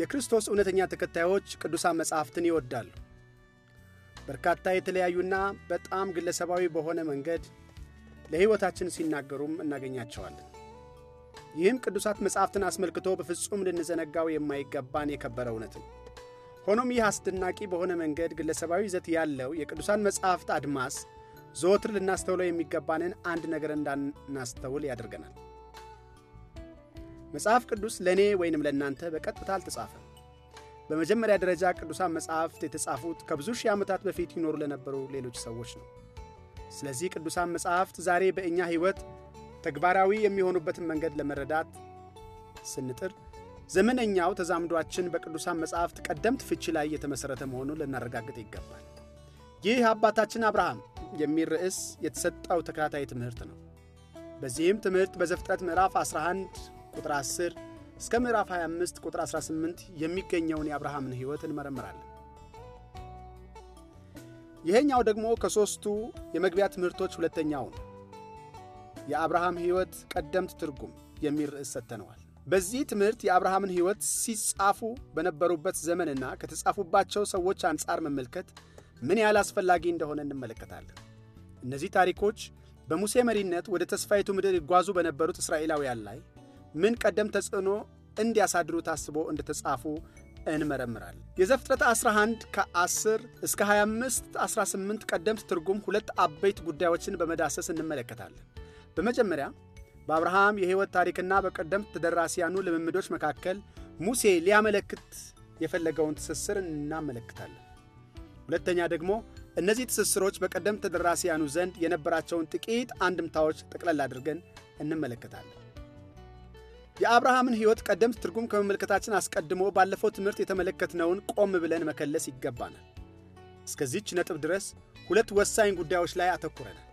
የክርስቶስ እውነተኛ ተከታዮች ቅዱሳን መጻሕፍትን ይወዳሉ። በርካታ የተለያዩና በጣም ግለሰባዊ በሆነ መንገድ ለሕይወታችን ሲናገሩም እናገኛቸዋለን። ይህም ቅዱሳት መጻሕፍትን አስመልክቶ በፍጹም ልንዘነጋው የማይገባን የከበረ እውነት ነው። ሆኖም ይህ አስደናቂ በሆነ መንገድ ግለሰባዊ ይዘት ያለው የቅዱሳን መጻሕፍት አድማስ ዘወትር ልናስተውለው የሚገባንን አንድ ነገር እንዳናስተውል ያደርገናል። መጽሐፍ ቅዱስ ለእኔ ወይንም ለእናንተ በቀጥታ አልተጻፈም። በመጀመሪያ ደረጃ ቅዱሳን መጽሐፍት የተጻፉት ከብዙ ሺህ ዓመታት በፊት ይኖሩ ለነበሩ ሌሎች ሰዎች ነው። ስለዚህ ቅዱሳን መጽሐፍት ዛሬ በእኛ ሕይወት ተግባራዊ የሚሆኑበትን መንገድ ለመረዳት ስንጥር ዘመነኛው ተዛምዷችን በቅዱሳን መጽሐፍት ቀደምት ፍቺ ላይ የተመሠረተ መሆኑን ልናረጋግጥ ይገባል። ይህ አባታችን አብርሃም የሚል ርዕስ የተሰጠው ተከታታይ ትምህርት ነው። በዚህም ትምህርት በዘፍጥረት ምዕራፍ 11 ቁጥር 10 እስከ ምዕራፍ 25 ቁጥር 18 የሚገኘውን የአብርሃምን ሕይወት እንመረምራለን። ይሄኛው ደግሞ ከሦስቱ የመግቢያ ትምህርቶች ሁለተኛው ነው። የአብርሃም ሕይወት ቀደምት ትርጉም የሚል ርዕስ ሰጥተነዋል። በዚህ ትምህርት የአብርሃምን ሕይወት ሲጻፉ በነበሩበት ዘመንና ከተጻፉባቸው ሰዎች አንጻር መመልከት ምን ያህል አስፈላጊ እንደሆነ እንመለከታለን። እነዚህ ታሪኮች በሙሴ መሪነት ወደ ተስፋይቱ ምድር ይጓዙ በነበሩት እስራኤላውያን ላይ ምን ቀደም ተጽዕኖ እንዲያሳድሩ ታስቦ እንደተጻፉ እንመረምራል። የዘፍጥረት 11 ከ10 እስከ 25 18 ቀደምት ትርጉም ሁለት አበይት ጉዳዮችን በመዳሰስ እንመለከታለን። በመጀመሪያ በአብርሃም የሕይወት ታሪክና በቀደምት ተደራሲያኑ ልምምዶች መካከል ሙሴ ሊያመለክት የፈለገውን ትስስር እናመለክታለን። ሁለተኛ ደግሞ እነዚህ ትስስሮች በቀደምት ተደራሲያኑ ዘንድ የነበራቸውን ጥቂት አንድምታዎች ጠቅለል አድርገን እንመለከታለን። የአብርሃምን ሕይወት ቀደምት ትርጉም ከመመልከታችን አስቀድሞ ባለፈው ትምህርት የተመለከትነውን ቆም ብለን መከለስ ይገባናል። እስከዚች ነጥብ ድረስ ሁለት ወሳኝ ጉዳዮች ላይ አተኩረናል።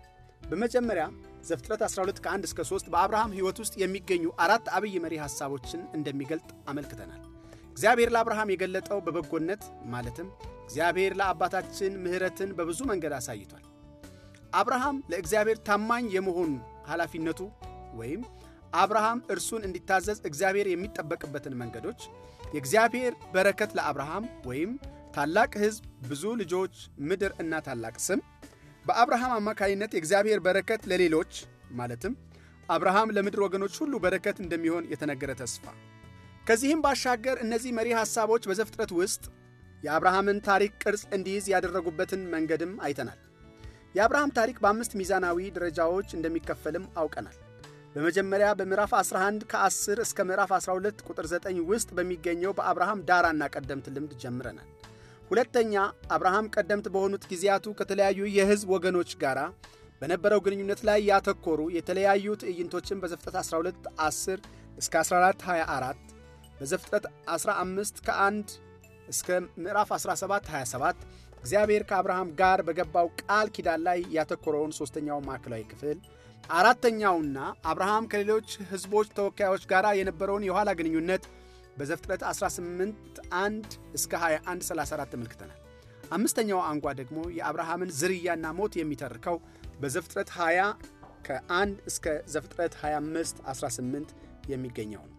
በመጀመሪያ ዘፍጥረት 12 ከ1 እስከ 3 በአብርሃም ሕይወት ውስጥ የሚገኙ አራት አብይ መሪ ሐሳቦችን እንደሚገልጥ አመልክተናል። እግዚአብሔር ለአብርሃም የገለጠው በበጎነት ማለትም እግዚአብሔር ለአባታችን ምሕረትን በብዙ መንገድ አሳይቷል። አብርሃም ለእግዚአብሔር ታማኝ የመሆኑ ኃላፊነቱ ወይም አብርሃም እርሱን እንዲታዘዝ እግዚአብሔር የሚጠበቅበትን መንገዶች የእግዚአብሔር በረከት ለአብርሃም ወይም ታላቅ ሕዝብ፣ ብዙ ልጆች፣ ምድር እና ታላቅ ስም በአብርሃም አማካኝነት የእግዚአብሔር በረከት ለሌሎች ማለትም አብርሃም ለምድር ወገኖች ሁሉ በረከት እንደሚሆን የተነገረ ተስፋ። ከዚህም ባሻገር እነዚህ መሪ ሐሳቦች በዘፍጥረት ውስጥ የአብርሃምን ታሪክ ቅርጽ እንዲይዝ ያደረጉበትን መንገድም አይተናል። የአብርሃም ታሪክ በአምስት ሚዛናዊ ደረጃዎች እንደሚከፈልም አውቀናል። በመጀመሪያ በምዕራፍ 11 ከ10 እስከ ምዕራፍ 12 ቁጥር 9 ውስጥ በሚገኘው በአብርሃም ዳራና ቀደምት ልምድ ጀምረናል። ሁለተኛ አብርሃም ቀደምት በሆኑት ጊዜያቱ ከተለያዩ የሕዝብ ወገኖች ጋር በነበረው ግንኙነት ላይ ያተኮሩ የተለያዩ ትዕይንቶችን በዘፍጥረት 12 10 እስከ 14 24 በዘፍጥረት 15 ከ1 እስከ ምዕራፍ 17 27 እግዚአብሔር ከአብርሃም ጋር በገባው ቃል ኪዳን ላይ ያተኮረውን ሦስተኛው ማዕከላዊ ክፍል አራተኛውና አብርሃም ከሌሎች ሕዝቦች ተወካዮች ጋር የነበረውን የኋላ ግንኙነት በዘፍጥረት 18 1 እስከ 21 34 ተመልክተናል። አምስተኛው አንጓ ደግሞ የአብርሃምን ዝርያና ሞት የሚተርከው በዘፍጥረት 20 ከ1 እስከ ዘፍጥረት 25 18 የሚገኘው ነው።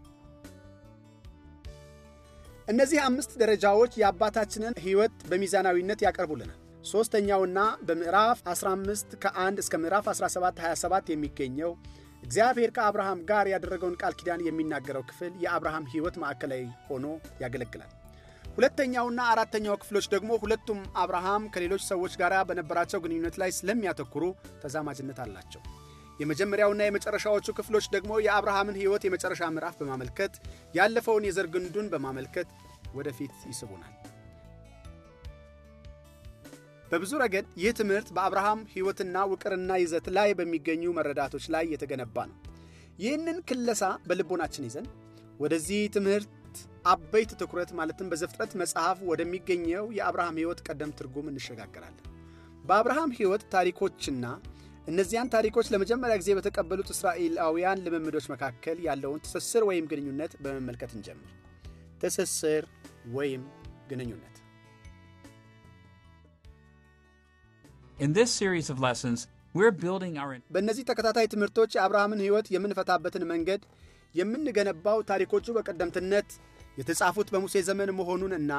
እነዚህ አምስት ደረጃዎች የአባታችንን ሕይወት በሚዛናዊነት ያቀርቡልናል። ሦስተኛውና በምዕራፍ 15 ከ1 እስከ ምዕራፍ 17 27 የሚገኘው እግዚአብሔር ከአብርሃም ጋር ያደረገውን ቃል ኪዳን የሚናገረው ክፍል የአብርሃም ሕይወት ማዕከላዊ ሆኖ ያገለግላል። ሁለተኛውና አራተኛው ክፍሎች ደግሞ ሁለቱም አብርሃም ከሌሎች ሰዎች ጋር በነበራቸው ግንኙነት ላይ ስለሚያተኩሩ ተዛማጅነት አላቸው። የመጀመሪያውና የመጨረሻዎቹ ክፍሎች ደግሞ የአብርሃምን ሕይወት የመጨረሻ ምዕራፍ በማመልከት ያለፈውን የዘር ግንዱን በማመልከት ወደፊት ይስቡናል። በብዙ ረገድ ይህ ትምህርት በአብርሃም ሕይወትና ውቅርና ይዘት ላይ በሚገኙ መረዳቶች ላይ የተገነባ ነው። ይህንን ክለሳ በልቦናችን ይዘን ወደዚህ ትምህርት አበይት ትኩረት ማለትም በዘፍጥረት መጽሐፍ ወደሚገኘው የአብርሃም ሕይወት ቀደም ትርጉም እንሸጋገራለን። በአብርሃም ሕይወት ታሪኮችና እነዚያን ታሪኮች ለመጀመሪያ ጊዜ በተቀበሉት እስራኤላውያን ልምምዶች መካከል ያለውን ትስስር ወይም ግንኙነት በመመልከት እንጀምር። ትስስር ወይም ግንኙነት በእነዚህ ተከታታይ ትምህርቶች የአብርሃምን ሕይወት የምንፈታበትን መንገድ የምንገነባው ታሪኮቹ በቀደምትነት የተጻፉት በሙሴ ዘመን መሆኑን እና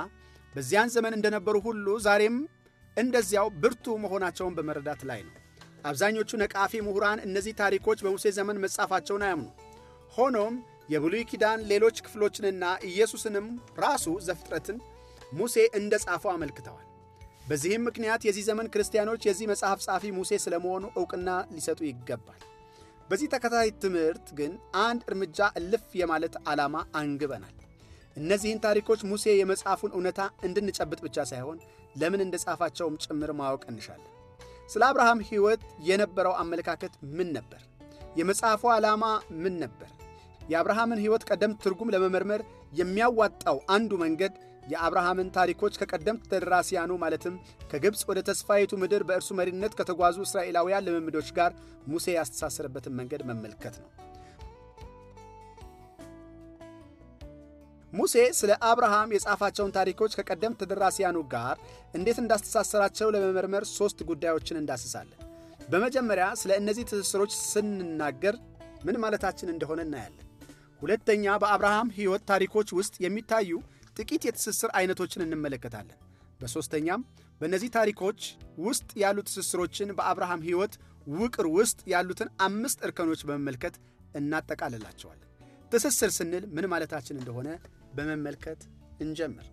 በዚያን ዘመን እንደነበሩ ሁሉ ዛሬም እንደዚያው ብርቱ መሆናቸውን በመረዳት ላይ ነው። አብዛኞቹ ነቃፊ ምሁራን እነዚህ ታሪኮች በሙሴ ዘመን መጻፋቸውን አያምኑ። ሆኖም የብሉይ ኪዳን ሌሎች ክፍሎችንና ኢየሱስንም ራሱ ዘፍጥረትን ሙሴ እንደ ጻፈው አመልክተዋል። በዚህም ምክንያት የዚህ ዘመን ክርስቲያኖች የዚህ መጽሐፍ ጻፊ ሙሴ ስለመሆኑ እውቅና ሊሰጡ ይገባል። በዚህ ተከታይ ትምህርት ግን አንድ እርምጃ እልፍ የማለት ዓላማ አንግበናል። እነዚህን ታሪኮች ሙሴ የመጽሐፉን እውነታ እንድንጨብጥ ብቻ ሳይሆን ለምን እንደ ጻፋቸውም ጭምር ማወቅ እንሻለን። ስለ አብርሃም ሕይወት የነበረው አመለካከት ምን ነበር? የመጽሐፉ ዓላማ ምን ነበር? የአብርሃምን ሕይወት ቀደም ትርጉም ለመመርመር የሚያዋጣው አንዱ መንገድ የአብርሃምን ታሪኮች ከቀደምት ተደራሲያኑ ማለትም ከግብፅ ወደ ተስፋዪቱ ምድር በእርሱ መሪነት ከተጓዙ እስራኤላውያን ልምምዶች ጋር ሙሴ ያስተሳሰረበትን መንገድ መመልከት ነው። ሙሴ ስለ አብርሃም የጻፋቸውን ታሪኮች ከቀደምት ተደራሲያኑ ጋር እንዴት እንዳስተሳሰራቸው ለመመርመር ሦስት ጉዳዮችን እንዳስሳለን። በመጀመሪያ ስለ እነዚህ ትስስሮች ስንናገር ምን ማለታችን እንደሆነ እናያለን። ሁለተኛ፣ በአብርሃም ሕይወት ታሪኮች ውስጥ የሚታዩ ጥቂት የትስስር አይነቶችን እንመለከታለን። በሦስተኛም በእነዚህ ታሪኮች ውስጥ ያሉ ትስስሮችን በአብርሃም ሕይወት ውቅር ውስጥ ያሉትን አምስት እርከኖች በመመልከት እናጠቃልላቸዋለን። ትስስር ስንል ምን ማለታችን እንደሆነ በመመልከት እንጀምር።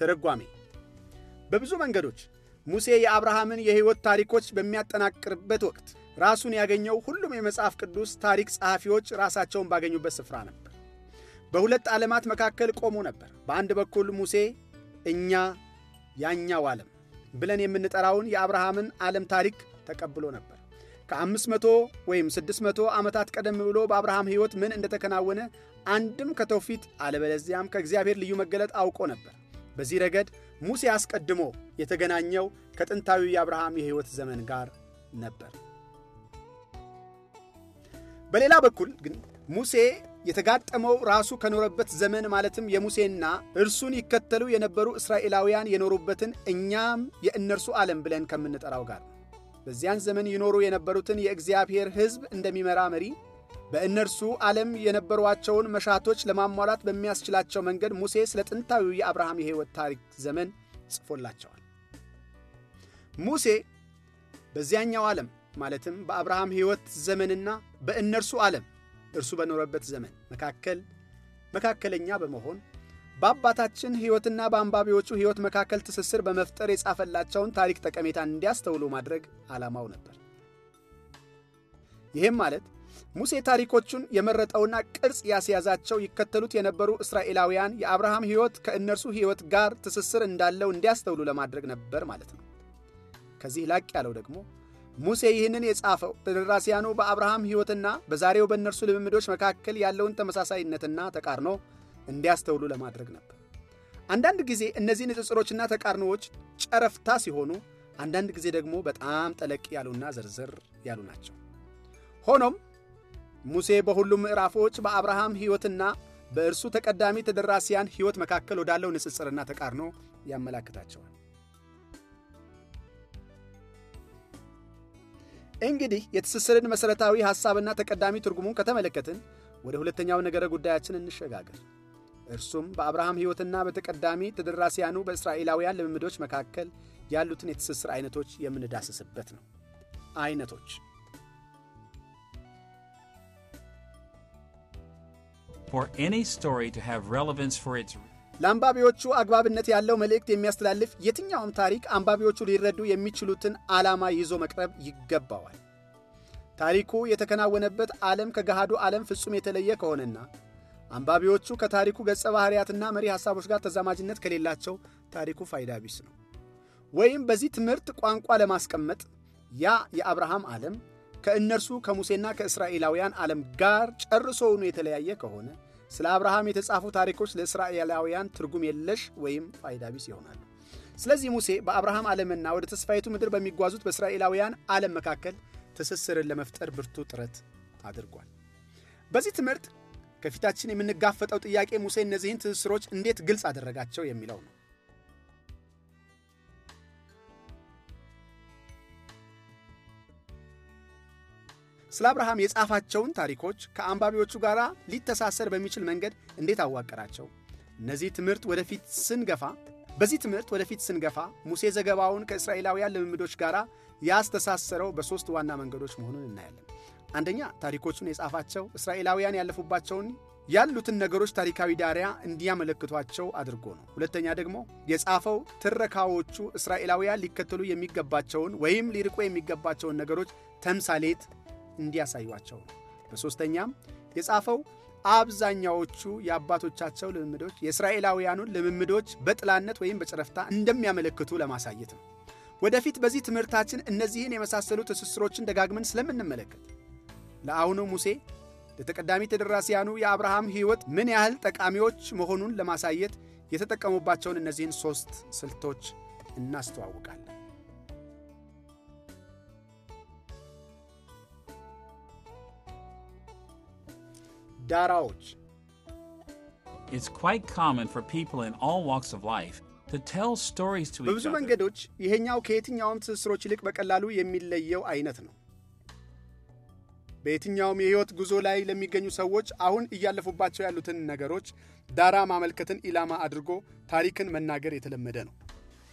ትርጓሜ በብዙ መንገዶች ሙሴ የአብርሃምን የሕይወት ታሪኮች በሚያጠናቅርበት ወቅት ራሱን ያገኘው ሁሉም የመጽሐፍ ቅዱስ ታሪክ ጸሐፊዎች ራሳቸውን ባገኙበት ስፍራ ነበር። በሁለት ዓለማት መካከል ቆሞ ነበር። በአንድ በኩል ሙሴ እኛ ያኛው ዓለም ብለን የምንጠራውን የአብርሃምን ዓለም ታሪክ ተቀብሎ ነበር። ከአምስት መቶ ወይም ስድስት መቶ ዓመታት ቀደም ብሎ በአብርሃም ሕይወት ምን እንደተከናወነ አንድም ከተውፊት አለበለዚያም ከእግዚአብሔር ልዩ መገለጥ አውቆ ነበር። በዚህ ረገድ ሙሴ አስቀድሞ የተገናኘው ከጥንታዊ የአብርሃም የሕይወት ዘመን ጋር ነበር። በሌላ በኩል ግን ሙሴ የተጋጠመው ራሱ ከኖረበት ዘመን ማለትም የሙሴና እርሱን ይከተሉ የነበሩ እስራኤላውያን የኖሩበትን እኛም የእነርሱ ዓለም ብለን ከምንጠራው ጋር በዚያን ዘመን ይኖሩ የነበሩትን የእግዚአብሔር ሕዝብ እንደሚመራ መሪ በእነርሱ ዓለም የነበሯቸውን መሻቶች ለማሟላት በሚያስችላቸው መንገድ ሙሴ ስለ ጥንታዊው የአብርሃም የሕይወት ታሪክ ዘመን ጽፎላቸዋል። ሙሴ በዚያኛው ዓለም ማለትም በአብርሃም ሕይወት ዘመንና በእነርሱ ዓለም እርሱ በኖረበት ዘመን መካከል መካከለኛ በመሆን በአባታችን ሕይወትና በአንባቢዎቹ ሕይወት መካከል ትስስር በመፍጠር የጻፈላቸውን ታሪክ ጠቀሜታ እንዲያስተውሉ ማድረግ ዓላማው ነበር። ይህም ማለት ሙሴ ታሪኮቹን የመረጠውና ቅርጽ ያስያዛቸው ይከተሉት የነበሩ እስራኤላውያን የአብርሃም ሕይወት ከእነርሱ ሕይወት ጋር ትስስር እንዳለው እንዲያስተውሉ ለማድረግ ነበር ማለት ነው። ከዚህ ላቅ ያለው ደግሞ ሙሴ ይህንን የጻፈው ተደራሲያኑ በአብርሃም ሕይወትና በዛሬው በእነርሱ ልምምዶች መካከል ያለውን ተመሳሳይነትና ተቃርኖ እንዲያስተውሉ ለማድረግ ነበር። አንዳንድ ጊዜ እነዚህ ንጽጽሮችና ተቃርኖዎች ጨረፍታ ሲሆኑ፣ አንዳንድ ጊዜ ደግሞ በጣም ጠለቅ ያሉና ዝርዝር ያሉ ናቸው። ሆኖም ሙሴ በሁሉም ምዕራፎች በአብርሃም ሕይወትና በእርሱ ተቀዳሚ ተደራሲያን ሕይወት መካከል ወዳለው ንጽጽርና ተቃርኖ ያመላክታቸዋል። እንግዲህ የትስስርን መሠረታዊ ሐሳብና ተቀዳሚ ትርጉሙን ከተመለከትን ወደ ሁለተኛው ነገረ ጉዳያችን እንሸጋገር። እርሱም በአብርሃም ሕይወትና በተቀዳሚ ተደራሲያኑ በእስራኤላውያን ልምምዶች መካከል ያሉትን የትስስር አይነቶች የምንዳስስበት ነው። አይነቶች For any story to have relevance for its ለአንባቢዎቹ አግባብነት ያለው መልእክት የሚያስተላልፍ የትኛውም ታሪክ አንባቢዎቹ ሊረዱ የሚችሉትን ዓላማ ይዞ መቅረብ ይገባዋል። ታሪኩ የተከናወነበት ዓለም ከገሃዱ ዓለም ፍጹም የተለየ ከሆነና አንባቢዎቹ ከታሪኩ ገጸ ባህርያትና መሪ ሐሳቦች ጋር ተዛማጅነት ከሌላቸው ታሪኩ ፋይዳ ቢስ ነው። ወይም በዚህ ትምህርት ቋንቋ ለማስቀመጥ ያ የአብርሃም ዓለም ከእነርሱ ከሙሴና ከእስራኤላውያን ዓለም ጋር ጨርሶውኑ የተለያየ ከሆነ ስለ አብርሃም የተጻፉ ታሪኮች ለእስራኤላውያን ትርጉም የለሽ ወይም ፋይዳ ቢስ ይሆናሉ። ስለዚህ ሙሴ በአብርሃም ዓለምና ወደ ተስፋይቱ ምድር በሚጓዙት በእስራኤላውያን ዓለም መካከል ትስስርን ለመፍጠር ብርቱ ጥረት አድርጓል። በዚህ ትምህርት ከፊታችን የምንጋፈጠው ጥያቄ ሙሴ እነዚህን ትስስሮች እንዴት ግልጽ አደረጋቸው የሚለው ነው። ስለ አብርሃም የጻፋቸውን ታሪኮች ከአንባቢዎቹ ጋር ሊተሳሰር በሚችል መንገድ እንዴት አዋቀራቸው? እነዚህ ትምህርት ወደፊት ስንገፋ በዚህ ትምህርት ወደፊት ስንገፋ ሙሴ ዘገባውን ከእስራኤላውያን ልምምዶች ጋር ያስተሳሰረው በሦስት ዋና መንገዶች መሆኑን እናያለን። አንደኛ፣ ታሪኮቹን የጻፋቸው እስራኤላውያን ያለፉባቸውን ያሉትን ነገሮች ታሪካዊ ዳሪያ እንዲያመለክቷቸው አድርጎ ነው። ሁለተኛ ደግሞ የጻፈው ትረካዎቹ እስራኤላውያን ሊከተሉ የሚገባቸውን ወይም ሊርቆ የሚገባቸውን ነገሮች ተምሳሌት እንዲያሳዩቸው ነው። በሦስተኛም የጻፈው አብዛኛዎቹ የአባቶቻቸው ልምምዶች የእስራኤላውያኑን ልምምዶች በጥላነት ወይም በጨረፍታ እንደሚያመለክቱ ለማሳየት ነው። ወደፊት በዚህ ትምህርታችን እነዚህን የመሳሰሉ ትስስሮችን ደጋግመን ስለምንመለከት ለአሁኑ ሙሴ ለተቀዳሚ ተደራሲያኑ የአብርሃም ሕይወት ምን ያህል ጠቃሚዎች መሆኑን ለማሳየት የተጠቀሙባቸውን እነዚህን ሦስት ስልቶች እናስተዋውቃለን። ዳራዎች በብዙ መንገዶች ይሄኛው ከየትኛውም ትስስሮች ይልቅ በቀላሉ የሚለየው አይነት ነው። በየትኛውም የህይወት ጉዞ ላይ ለሚገኙ ሰዎች አሁን እያለፉባቸው ያሉትን ነገሮች ዳራ ማመልከትን ኢላማ አድርጎ ታሪክን መናገር የተለመደ ነው።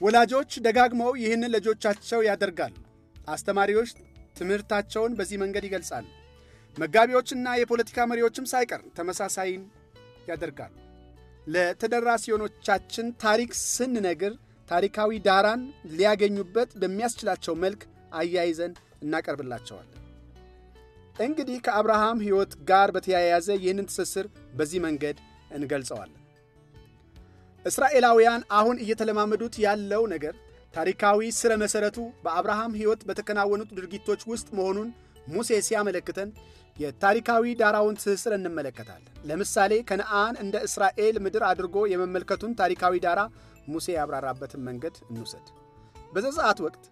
ወላጆች ደጋግመው ይህንን ልጆቻቸው ያደርጋሉ። አስተማሪዎች ትምህርታቸውን በዚህ መንገድ ይገልጻሉ። መጋቢዎችና የፖለቲካ መሪዎችም ሳይቀር ተመሳሳይን ያደርጋሉ። ለተደራሲዮኖቻችን ታሪክ ስንነግር ታሪካዊ ዳራን ሊያገኙበት በሚያስችላቸው መልክ አያይዘን እናቀርብላቸዋለን። እንግዲህ ከአብርሃም ሕይወት ጋር በተያያዘ ይህንን ትስስር በዚህ መንገድ እንገልጸዋለን። እስራኤላውያን አሁን እየተለማመዱት ያለው ነገር ታሪካዊ ሥረ መሠረቱ በአብርሃም ሕይወት በተከናወኑት ድርጊቶች ውስጥ መሆኑን ሙሴ ሲያመለክተን የታሪካዊ ዳራውን ትስስር እንመለከታለን። ለምሳሌ ከነአን እንደ እስራኤል ምድር አድርጎ የመመልከቱን ታሪካዊ ዳራ ሙሴ ያብራራበትን መንገድ እንውሰድ። በዘጸአት ወቅት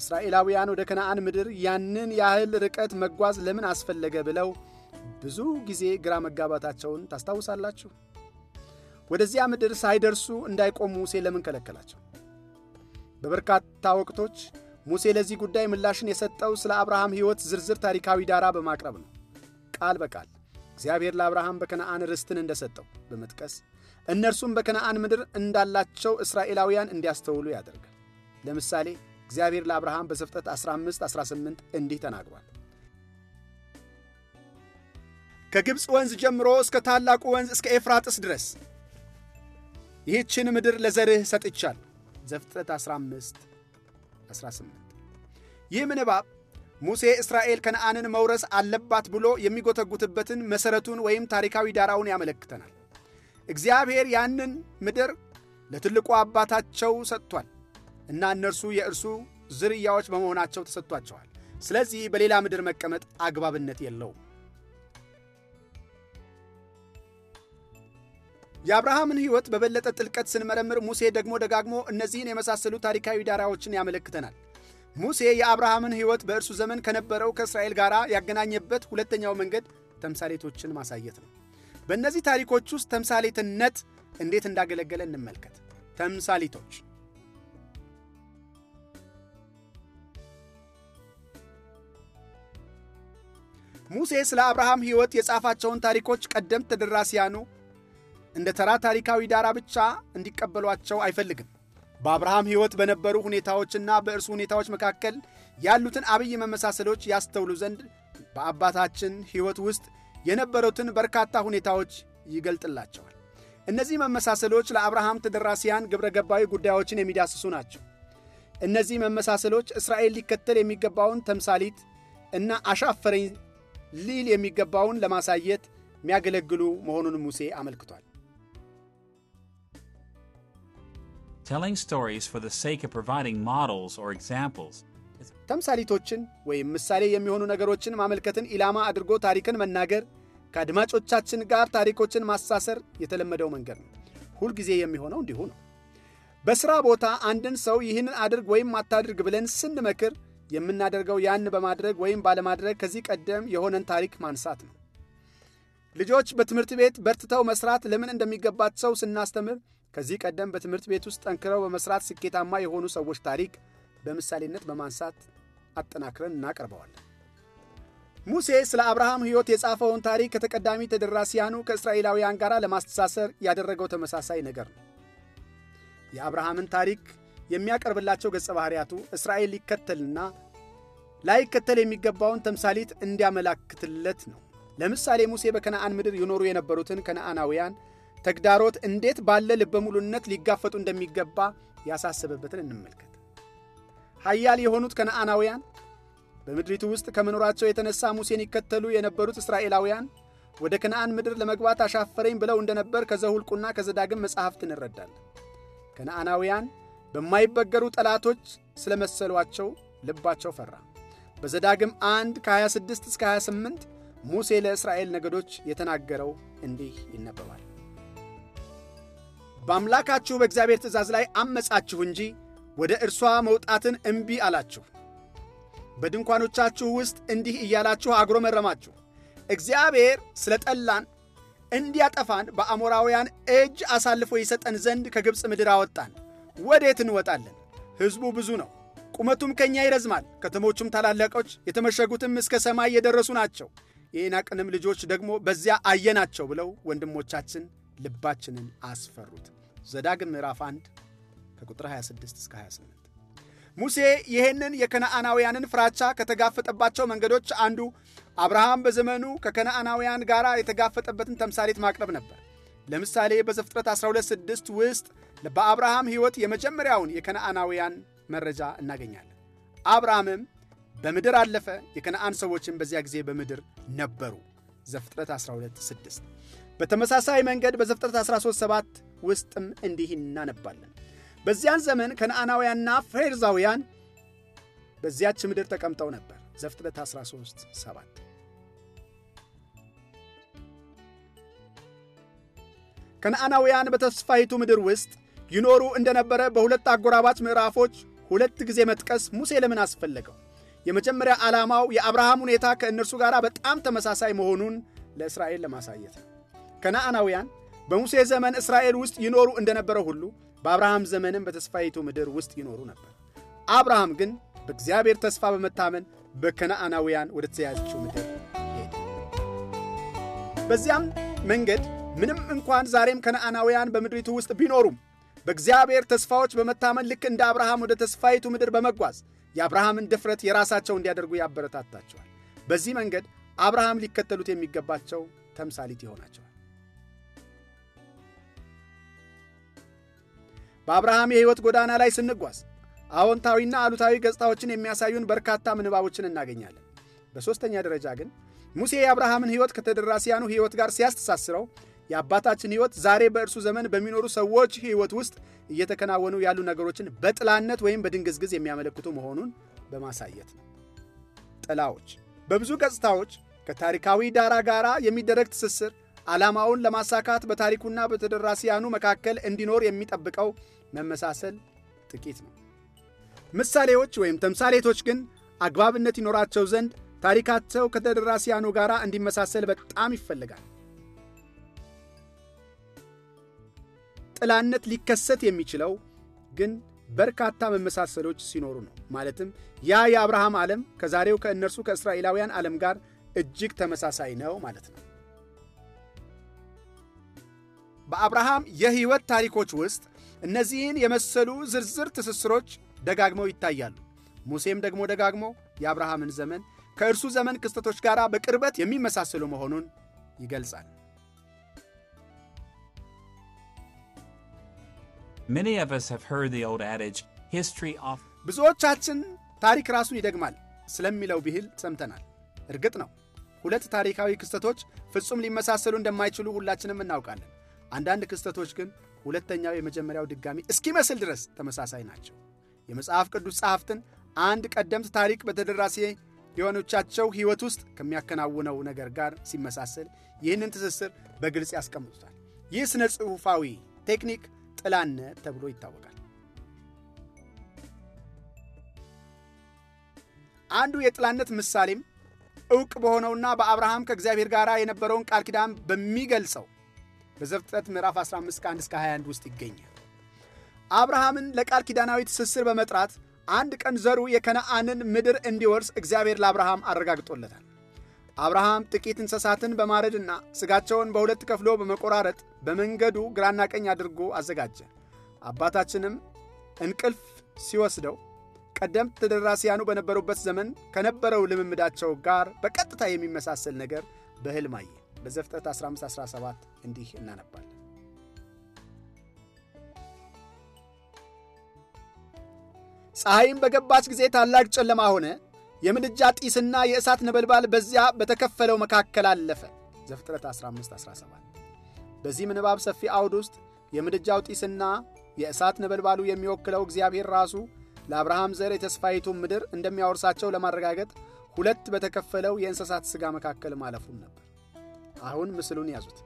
እስራኤላውያን ወደ ከነአን ምድር ያንን ያህል ርቀት መጓዝ ለምን አስፈለገ ብለው ብዙ ጊዜ ግራ መጋባታቸውን ታስታውሳላችሁ። ወደዚያ ምድር ሳይደርሱ እንዳይቆሙ ሙሴ ለምን ከለከላቸው? በበርካታ ወቅቶች ሙሴ ለዚህ ጉዳይ ምላሽን የሰጠው ስለ አብርሃም ሕይወት ዝርዝር ታሪካዊ ዳራ በማቅረብ ነው። ቃል በቃል እግዚአብሔር ለአብርሃም በከነአን ርስትን እንደሰጠው በመጥቀስ እነርሱም በከነአን ምድር እንዳላቸው እስራኤላውያን እንዲያስተውሉ ያደርጋል። ለምሳሌ እግዚአብሔር ለአብርሃም በዘፍጥረት 15 18 እንዲህ ተናግሯል። ከግብፅ ወንዝ ጀምሮ እስከ ታላቁ ወንዝ እስከ ኤፍራጥስ ድረስ ይህችን ምድር ለዘርህ ሰጥቻል። ዘፍጥረት 15 18 ይህ ምንባብ ሙሴ እስራኤል ከነአንን መውረስ አለባት ብሎ የሚጎተጉትበትን መሠረቱን ወይም ታሪካዊ ዳራውን ያመለክተናል። እግዚአብሔር ያንን ምድር ለትልቁ አባታቸው ሰጥቷል እና እነርሱ የእርሱ ዝርያዎች በመሆናቸው ተሰጥቷቸዋል። ስለዚህ በሌላ ምድር መቀመጥ አግባብነት የለውም። የአብርሃምን ሕይወት በበለጠ ጥልቀት ስንመረምር ሙሴ ደግሞ ደጋግሞ እነዚህን የመሳሰሉ ታሪካዊ ዳራዎችን ያመለክተናል። ሙሴ የአብርሃምን ሕይወት በእርሱ ዘመን ከነበረው ከእስራኤል ጋር ያገናኘበት ሁለተኛው መንገድ ተምሳሌቶችን ማሳየት ነው። በእነዚህ ታሪኮች ውስጥ ተምሳሌትነት እንዴት እንዳገለገለ እንመልከት። ተምሳሌቶች ሙሴ ስለ አብርሃም ሕይወት የጻፋቸውን ታሪኮች ቀደምት ሲያኑ እንደ ተራ ታሪካዊ ዳራ ብቻ እንዲቀበሏቸው አይፈልግም። በአብርሃም ሕይወት በነበሩ ሁኔታዎችና በእርሱ ሁኔታዎች መካከል ያሉትን አብይ መመሳሰሎች ያስተውሉ ዘንድ በአባታችን ሕይወት ውስጥ የነበሩትን በርካታ ሁኔታዎች ይገልጥላቸዋል። እነዚህ መመሳሰሎች ለአብርሃም ተደራሲያን ግብረ ገባዊ ጉዳዮችን የሚዳስሱ ናቸው። እነዚህ መመሳሰሎች እስራኤል ሊከተል የሚገባውን ተምሳሊት እና አሻፈረኝ ሊል የሚገባውን ለማሳየት የሚያገለግሉ መሆኑን ሙሴ አመልክቷል። Telling stories for the sake of providing models or examples. ተምሳሊቶችን ወይም ምሳሌ የሚሆኑ ነገሮችን ማመልከትን ኢላማ አድርጎ ታሪክን መናገር ከአድማጮቻችን ጋር ታሪኮችን ማሳሰር የተለመደው መንገድ ነው። ሁልጊዜ የሚሆነው እንዲሁ ነው። በሥራ ቦታ አንድን ሰው ይህንን አድርግ ወይም አታድርግ ብለን ስንመክር የምናደርገው ያን በማድረግ ወይም ባለማድረግ ከዚህ ቀደም የሆነን ታሪክ ማንሳት ነው። ልጆች በትምህርት ቤት በርትተው መስራት ለምን እንደሚገባት ሰው ስናስተምር ከዚህ ቀደም በትምህርት ቤት ውስጥ ጠንክረው በመስራት ስኬታማ የሆኑ ሰዎች ታሪክ በምሳሌነት በማንሳት አጠናክረን እናቀርበዋለን። ሙሴ ስለ አብርሃም ሕይወት የጻፈውን ታሪክ ከተቀዳሚ ተደራሲያኑ ከእስራኤላውያን ጋር ለማስተሳሰር ያደረገው ተመሳሳይ ነገር ነው። የአብርሃምን ታሪክ የሚያቀርብላቸው ገጸ ባህሪያቱ እስራኤል ሊከተልና ላይከተል የሚገባውን ተምሳሊት እንዲያመላክትለት ነው። ለምሳሌ ሙሴ በከነአን ምድር ይኖሩ የነበሩትን ከነአናውያን ተግዳሮት እንዴት ባለ ልበ ሙሉነት ሊጋፈጡ እንደሚገባ ያሳሰበበትን እንመልከት። ኃያል የሆኑት ከነአናውያን በምድሪቱ ውስጥ ከመኖራቸው የተነሳ ሙሴን ይከተሉ የነበሩት እስራኤላውያን ወደ ከነአን ምድር ለመግባት አሻፈረኝ ብለው እንደነበር ከዘሁልቁና ከዘዳግም መጻሕፍት እንረዳለን። ከነአናውያን በማይበገሩ ጠላቶች ስለመሰሏቸው ልባቸው ፈራ። በዘዳግም 1 ከ26 እስከ 28 ሙሴ ለእስራኤል ነገዶች የተናገረው እንዲህ ይነበባል። በአምላካችሁ በእግዚአብሔር ትእዛዝ ላይ አመጻችሁ እንጂ ወደ እርሷ መውጣትን እምቢ አላችሁ። በድንኳኖቻችሁ ውስጥ እንዲህ እያላችሁ አጉረመረማችሁ። እግዚአብሔር ስለ ጠላን እንዲያጠፋን በአሞራውያን እጅ አሳልፎ ይሰጠን ዘንድ ከግብፅ ምድር አወጣን። ወዴት እንወጣለን? ሕዝቡ ብዙ ነው፣ ቁመቱም ከእኛ ይረዝማል፣ ከተሞቹም ታላላቆች፣ የተመሸጉትም እስከ ሰማይ የደረሱ ናቸው። የኤናቅንም ልጆች ደግሞ በዚያ አየናቸው ብለው ወንድሞቻችን ልባችንን አስፈሩት። ዘዳግም ምዕራፍ 1 ከቁጥር 26 እስከ 28። ሙሴ ይህንን የከነዓናውያንን ፍራቻ ከተጋፈጠባቸው መንገዶች አንዱ አብርሃም በዘመኑ ከከነዓናውያን ጋር የተጋፈጠበትን ተምሳሌት ማቅረብ ነበር። ለምሳሌ በዘፍጥረት 126 ውስጥ በአብርሃም ሕይወት የመጀመሪያውን የከነዓናውያን መረጃ እናገኛለን። አብርሃምም በምድር አለፈ፣ የከነዓን ሰዎችም በዚያ ጊዜ በምድር ነበሩ። ዘፍጥረት 126 በተመሳሳይ መንገድ በዘፍጥረት 137 ውስጥም እንዲህ እናነባለን። በዚያን ዘመን ከነአናውያንና ፌርዛውያን በዚያች ምድር ተቀምጠው ነበር። ዘፍጥረት 13 7 ከነአናውያን በተስፋይቱ ምድር ውስጥ ይኖሩ እንደነበረ በሁለት አጎራባች ምዕራፎች ሁለት ጊዜ መጥቀስ ሙሴ ለምን አስፈለገው? የመጀመሪያ ዓላማው የአብርሃም ሁኔታ ከእነርሱ ጋር በጣም ተመሳሳይ መሆኑን ለእስራኤል ለማሳየት ነው። ከነአናውያን በሙሴ ዘመን እስራኤል ውስጥ ይኖሩ እንደነበረ ሁሉ በአብርሃም ዘመንም በተስፋይቱ ምድር ውስጥ ይኖሩ ነበር። አብርሃም ግን በእግዚአብሔር ተስፋ በመታመን በከነአናውያን ወደ ተያዘችው ምድር ሄደ። በዚያም መንገድ ምንም እንኳን ዛሬም ከነአናውያን በምድሪቱ ውስጥ ቢኖሩም በእግዚአብሔር ተስፋዎች በመታመን ልክ እንደ አብርሃም ወደ ተስፋይቱ ምድር በመጓዝ የአብርሃምን ድፍረት የራሳቸው እንዲያደርጉ ያበረታታቸዋል። በዚህ መንገድ አብርሃም ሊከተሉት የሚገባቸው ተምሳሊት ይሆናቸዋል። በአብርሃም የሕይወት ጎዳና ላይ ስንጓዝ አዎንታዊና አሉታዊ ገጽታዎችን የሚያሳዩን በርካታ ምንባቦችን እናገኛለን። በሦስተኛ ደረጃ ግን ሙሴ የአብርሃምን ሕይወት ከተደራሲያኑ ሕይወት ጋር ሲያስተሳስረው የአባታችን ሕይወት ዛሬ በእርሱ ዘመን በሚኖሩ ሰዎች ሕይወት ውስጥ እየተከናወኑ ያሉ ነገሮችን በጥላነት ወይም በድንግዝግዝ የሚያመለክቱ መሆኑን በማሳየት ነው። ጥላዎች በብዙ ገጽታዎች ከታሪካዊ ዳራ ጋር የሚደረግ ትስስር ዓላማውን ለማሳካት በታሪኩና በተደራሲያኑ መካከል እንዲኖር የሚጠብቀው መመሳሰል ጥቂት ነው። ምሳሌዎች ወይም ተምሳሌቶች ግን አግባብነት ይኖራቸው ዘንድ ታሪካቸው ከተደራሲያኑ ጋር እንዲመሳሰል በጣም ይፈልጋል። ጥላነት ሊከሰት የሚችለው ግን በርካታ መመሳሰሎች ሲኖሩ ነው። ማለትም ያ የአብርሃም ዓለም ከዛሬው ከእነርሱ ከእስራኤላውያን ዓለም ጋር እጅግ ተመሳሳይ ነው ማለት ነው። በአብርሃም የሕይወት ታሪኮች ውስጥ እነዚህን የመሰሉ ዝርዝር ትስስሮች ደጋግመው ይታያሉ። ሙሴም ደግሞ ደጋግሞ የአብርሃምን ዘመን ከእርሱ ዘመን ክስተቶች ጋር በቅርበት የሚመሳሰሉ መሆኑን ይገልጻል። ብዙዎቻችን ታሪክ ራሱን ይደግማል ስለሚለው ብሂል ሰምተናል። እርግጥ ነው ሁለት ታሪካዊ ክስተቶች ፍጹም ሊመሳሰሉ እንደማይችሉ ሁላችንም እናውቃለን። አንዳንድ ክስተቶች ግን ሁለተኛው የመጀመሪያው ድጋሚ እስኪመስል ድረስ ተመሳሳይ ናቸው። የመጽሐፍ ቅዱስ ጸሐፍትን አንድ ቀደምት ታሪክ በተደራሲ ሊሆኖቻቸው ሕይወት ውስጥ ከሚያከናውነው ነገር ጋር ሲመሳሰል ይህንን ትስስር በግልጽ ያስቀምጡታል። ይህ ስነ ጽሑፋዊ ቴክኒክ ጥላነት ተብሎ ይታወቃል። አንዱ የጥላነት ምሳሌም ዕውቅ በሆነውና በአብርሃም ከእግዚአብሔር ጋር የነበረውን ቃል ኪዳን በሚገልጸው በዘፍጥረት ምዕራፍ 15 ከ1 እስከ 21 ውስጥ ይገኛል። አብርሃምን ለቃል ኪዳናዊ ትስስር በመጥራት አንድ ቀን ዘሩ የከነአንን ምድር እንዲወርስ እግዚአብሔር ለአብርሃም አረጋግጦለታል። አብርሃም ጥቂት እንስሳትን በማረድና ሥጋቸውን በሁለት ከፍሎ በመቆራረጥ በመንገዱ ግራና ቀኝ አድርጎ አዘጋጀ። አባታችንም እንቅልፍ ሲወስደው ቀደምት ተደራሲያኑ በነበሩበት ዘመን ከነበረው ልምምዳቸው ጋር በቀጥታ የሚመሳሰል ነገር በሕልም አየ። በዘፍጥረት 1517 እንዲህ እናነባለን። ፀሐይም በገባች ጊዜ ታላቅ ጨለማ ሆነ፣ የምድጃ ጢስና የእሳት ነበልባል በዚያ በተከፈለው መካከል አለፈ። ዘፍጥረት 1517 በዚህ ምንባብ ሰፊ አውድ ውስጥ የምድጃው ጢስና የእሳት ነበልባሉ የሚወክለው እግዚአብሔር ራሱ ለአብርሃም ዘር የተስፋይቱን ምድር እንደሚያወርሳቸው ለማረጋገጥ ሁለት በተከፈለው የእንስሳት ሥጋ መካከል ማለፉን ነበር። አሁን ምስሉን ያዙት።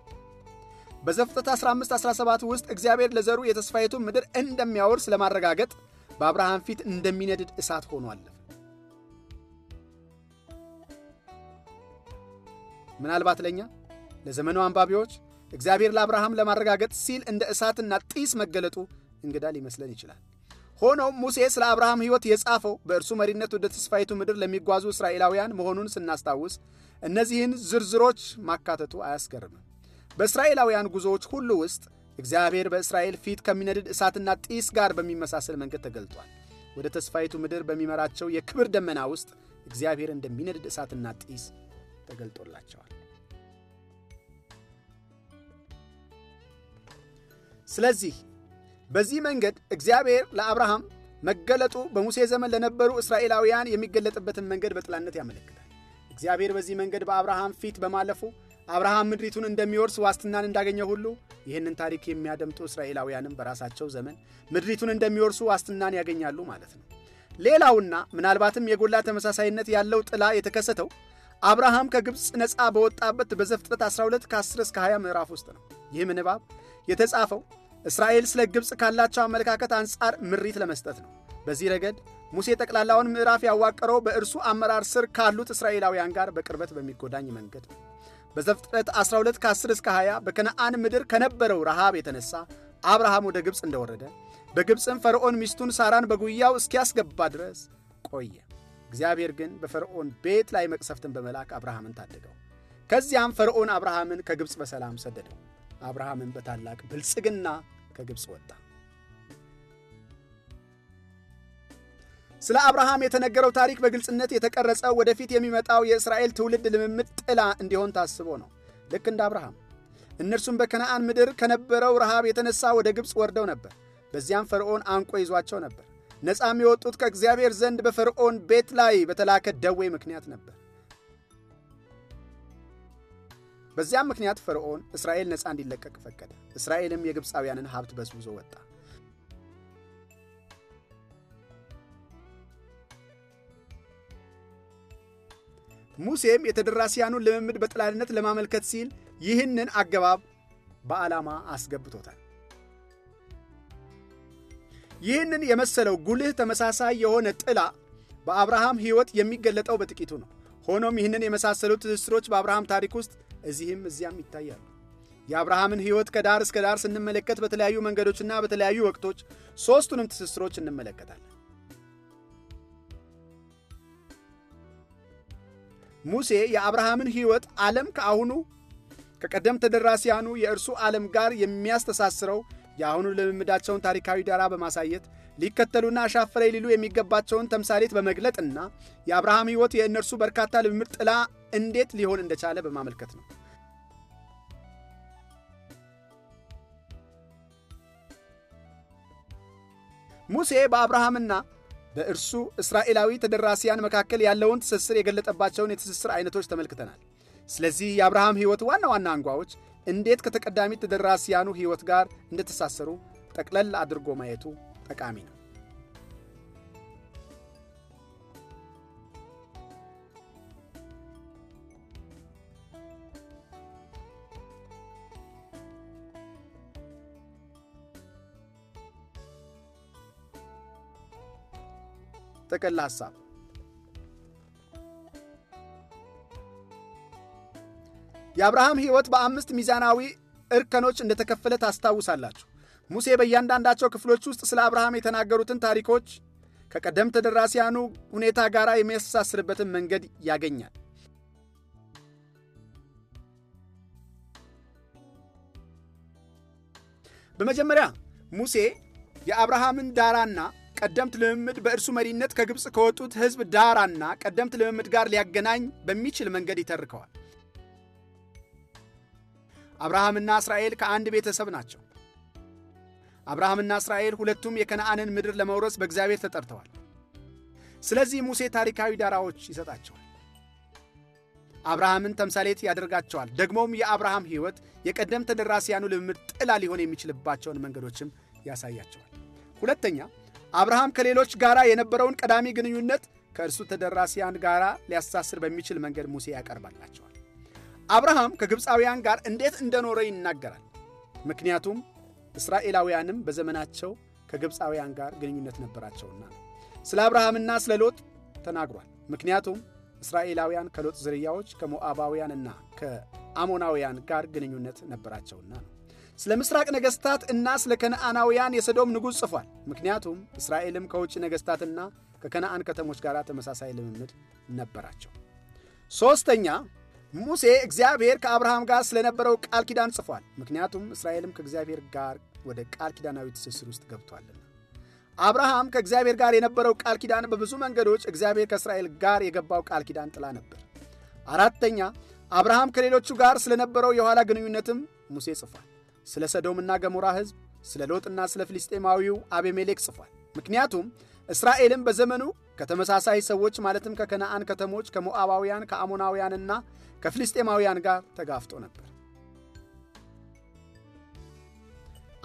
በዘፍጥረት 15 17 ውስጥ እግዚአብሔር ለዘሩ የተስፋይቱ ምድር እንደሚያወርስ ለማረጋገጥ በአብርሃም ፊት እንደሚነድድ እሳት ሆኖ አለፈ። ምናልባት ለእኛ ለዘመኑ አንባቢዎች እግዚአብሔር ለአብርሃም ለማረጋገጥ ሲል እንደ እሳትና ጢስ መገለጡ እንግዳ ሊመስለን ይችላል። ሆኖም ሙሴ ስለ አብርሃም ሕይወት የጻፈው በእርሱ መሪነት ወደ ተስፋይቱ ምድር ለሚጓዙ እስራኤላውያን መሆኑን ስናስታውስ እነዚህን ዝርዝሮች ማካተቱ አያስገርምም። በእስራኤላውያን ጉዞዎች ሁሉ ውስጥ እግዚአብሔር በእስራኤል ፊት ከሚነድድ እሳትና ጢስ ጋር በሚመሳሰል መንገድ ተገልጧል። ወደ ተስፋይቱ ምድር በሚመራቸው የክብር ደመና ውስጥ እግዚአብሔር እንደሚነድድ እሳትና ጢስ ተገልጦላቸዋል። ስለዚህ በዚህ መንገድ እግዚአብሔር ለአብርሃም መገለጡ በሙሴ ዘመን ለነበሩ እስራኤላውያን የሚገለጥበትን መንገድ በጥላነት ያመለክታል። እግዚአብሔር በዚህ መንገድ በአብርሃም ፊት በማለፉ አብርሃም ምድሪቱን እንደሚወርስ ዋስትናን እንዳገኘ ሁሉ ይህንን ታሪክ የሚያደምጡ እስራኤላውያንም በራሳቸው ዘመን ምድሪቱን እንደሚወርሱ ዋስትናን ያገኛሉ ማለት ነው። ሌላውና ምናልባትም የጎላ ተመሳሳይነት ያለው ጥላ የተከሰተው አብርሃም ከግብፅ ነፃ በወጣበት በዘፍጥረት 12 ከ10 እስከ 20 ምዕራፍ ውስጥ ነው። ይህም ንባብ የተጻፈው እስራኤል ስለ ግብፅ ካላቸው አመለካከት አንጻር ምሪት ለመስጠት ነው። በዚህ ረገድ ሙሴ ጠቅላላውን ምዕራፍ ያዋቀረው በእርሱ አመራር ስር ካሉት እስራኤላውያን ጋር በቅርበት በሚጎዳኝ መንገድ ነው። በዘፍጥረት 12 ከ10 እስከ 20 በከነአን ምድር ከነበረው ረሃብ የተነሳ አብርሃም ወደ ግብፅ እንደወረደ በግብፅም ፈርዖን ሚስቱን ሳራን በጉያው እስኪያስገባ ድረስ ቆየ። እግዚአብሔር ግን በፈርዖን ቤት ላይ መቅሰፍትን በመላክ አብርሃምን ታደገው። ከዚያም ፈርዖን አብርሃምን ከግብፅ በሰላም ሰደደው። አብርሃምን በታላቅ ብልጽግና ከግብፅ ወጣ። ስለ አብርሃም የተነገረው ታሪክ በግልጽነት የተቀረጸ ወደፊት የሚመጣው የእስራኤል ትውልድ ልምምድ ጥላ እንዲሆን ታስቦ ነው። ልክ እንደ አብርሃም እነርሱም በከነአን ምድር ከነበረው ረሃብ የተነሳ ወደ ግብፅ ወርደው ነበር። በዚያም ፈርዖን አንቆ ይዟቸው ነበር። ነፃም የወጡት ከእግዚአብሔር ዘንድ በፈርዖን ቤት ላይ በተላከ ደዌ ምክንያት ነበር። በዚያም ምክንያት ፈርዖን እስራኤል ነፃ እንዲለቀቅ ፈቀደ። እስራኤልም የግብፃውያንን ሀብት በዝብዞ ወጣ። ሙሴም የተደራሲያኑን ልምምድ በጥላልነት ለማመልከት ሲል ይህንን አገባብ በዓላማ አስገብቶታል። ይህንን የመሰለው ጉልህ ተመሳሳይ የሆነ ጥላ በአብርሃም ሕይወት የሚገለጠው በጥቂቱ ነው። ሆኖም ይህንን የመሳሰሉ ትስስሮች በአብርሃም ታሪክ ውስጥ እዚህም እዚያም ይታያሉ። የአብርሃምን ሕይወት ከዳር እስከ ዳር ስንመለከት በተለያዩ መንገዶችና በተለያዩ ወቅቶች ሦስቱንም ትስስሮች እንመለከታለን። ሙሴ የአብርሃምን ሕይወት ዓለም ከአሁኑ ከቀደም ተደራሲያኑ የእርሱ ዓለም ጋር የሚያስተሳስረው የአሁኑ ልምምዳቸውን ታሪካዊ ዳራ በማሳየት ሊከተሉና አሻፈረ ሊሉ የሚገባቸውን ተምሳሌት በመግለጥና የአብርሃም ሕይወት የእነርሱ በርካታ ልምምድ ጥላ እንዴት ሊሆን እንደቻለ በማመልከት ነው። ሙሴ በአብርሃምና በእርሱ እስራኤላዊ ተደራሲያን መካከል ያለውን ትስስር የገለጠባቸውን የትስስር አይነቶች ተመልክተናል። ስለዚህ የአብርሃም ሕይወት ዋና ዋና አንጓዎች እንዴት ከተቀዳሚ ተደራሲያኑ ሕይወት ጋር እንደተሳሰሩ ጠቅለል አድርጎ ማየቱ ጠቃሚ ነው። ጥቅል ሀሳብ የአብርሃም ሕይወት በአምስት ሚዛናዊ እርከኖች እንደተከፈለ ታስታውሳላችሁ። ሙሴ በእያንዳንዳቸው ክፍሎች ውስጥ ስለ አብርሃም የተናገሩትን ታሪኮች ከቀደም ተደራሲያኑ ሁኔታ ጋር የሚያስተሳስርበትን መንገድ ያገኛል። በመጀመሪያ ሙሴ የአብርሃምን ዳራና ቀደምት ልምምድ በእርሱ መሪነት ከግብፅ ከወጡት ሕዝብ ዳራና ቀደምት ልምምድ ጋር ሊያገናኝ በሚችል መንገድ ይተርከዋል። አብርሃምና እስራኤል ከአንድ ቤተሰብ ናቸው። አብርሃምና እስራኤል ሁለቱም የከነዓንን ምድር ለመውረስ በእግዚአብሔር ተጠርተዋል። ስለዚህ ሙሴ ታሪካዊ ዳራዎች ይሰጣቸዋል። አብርሃምን ተምሳሌት ያደርጋቸዋል። ደግሞም የአብርሃም ሕይወት የቀደምት ደራሲያኑ ልምምድ ጥላ ሊሆን የሚችልባቸውን መንገዶችም ያሳያቸዋል። ሁለተኛ አብርሃም ከሌሎች ጋር የነበረውን ቀዳሚ ግንኙነት ከእርሱ ተደራሲያን ጋር ሊያሳስር በሚችል መንገድ ሙሴ ያቀርባላቸዋል። አብርሃም ከግብፃውያን ጋር እንዴት እንደኖረ ይናገራል። ምክንያቱም እስራኤላውያንም በዘመናቸው ከግብፃውያን ጋር ግንኙነት ነበራቸውና ስለ አብርሃምና ስለ ሎጥ ተናግሯል። ምክንያቱም እስራኤላውያን ከሎጥ ዝርያዎች ከሞዓባውያንና ከአሞናውያን ጋር ግንኙነት ነበራቸውና ነው። ስለ ምስራቅ ነገሥታት እና ስለ ከነአናውያን የሰዶም ንጉሥ ጽፏል። ምክንያቱም እስራኤልም ከውጭ ነገሥታትና ከከነአን ከተሞች ጋር ተመሳሳይ ልምምድ ነበራቸው። ሦስተኛ ሙሴ እግዚአብሔር ከአብርሃም ጋር ስለነበረው ቃል ኪዳን ጽፏል። ምክንያቱም እስራኤልም ከእግዚአብሔር ጋር ወደ ቃል ኪዳናዊ ትስስር ውስጥ ገብቷልና። አብርሃም ከእግዚአብሔር ጋር የነበረው ቃል ኪዳን በብዙ መንገዶች እግዚአብሔር ከእስራኤል ጋር የገባው ቃል ኪዳን ጥላ ነበር። አራተኛ አብርሃም ከሌሎቹ ጋር ስለነበረው የኋላ ግንኙነትም ሙሴ ጽፏል። ስለ ሰዶምና ገሞራ ሕዝብ፣ ስለ ሎጥና ስለ ፍልስጤማዊው አቤሜሌክ ጽፏል። ምክንያቱም እስራኤልም በዘመኑ ከተመሳሳይ ሰዎች ማለትም ከከነአን ከተሞች፣ ከሞዓባውያን፣ ከአሞናውያንና ከፍልስጤማውያን ጋር ተጋፍጦ ነበር።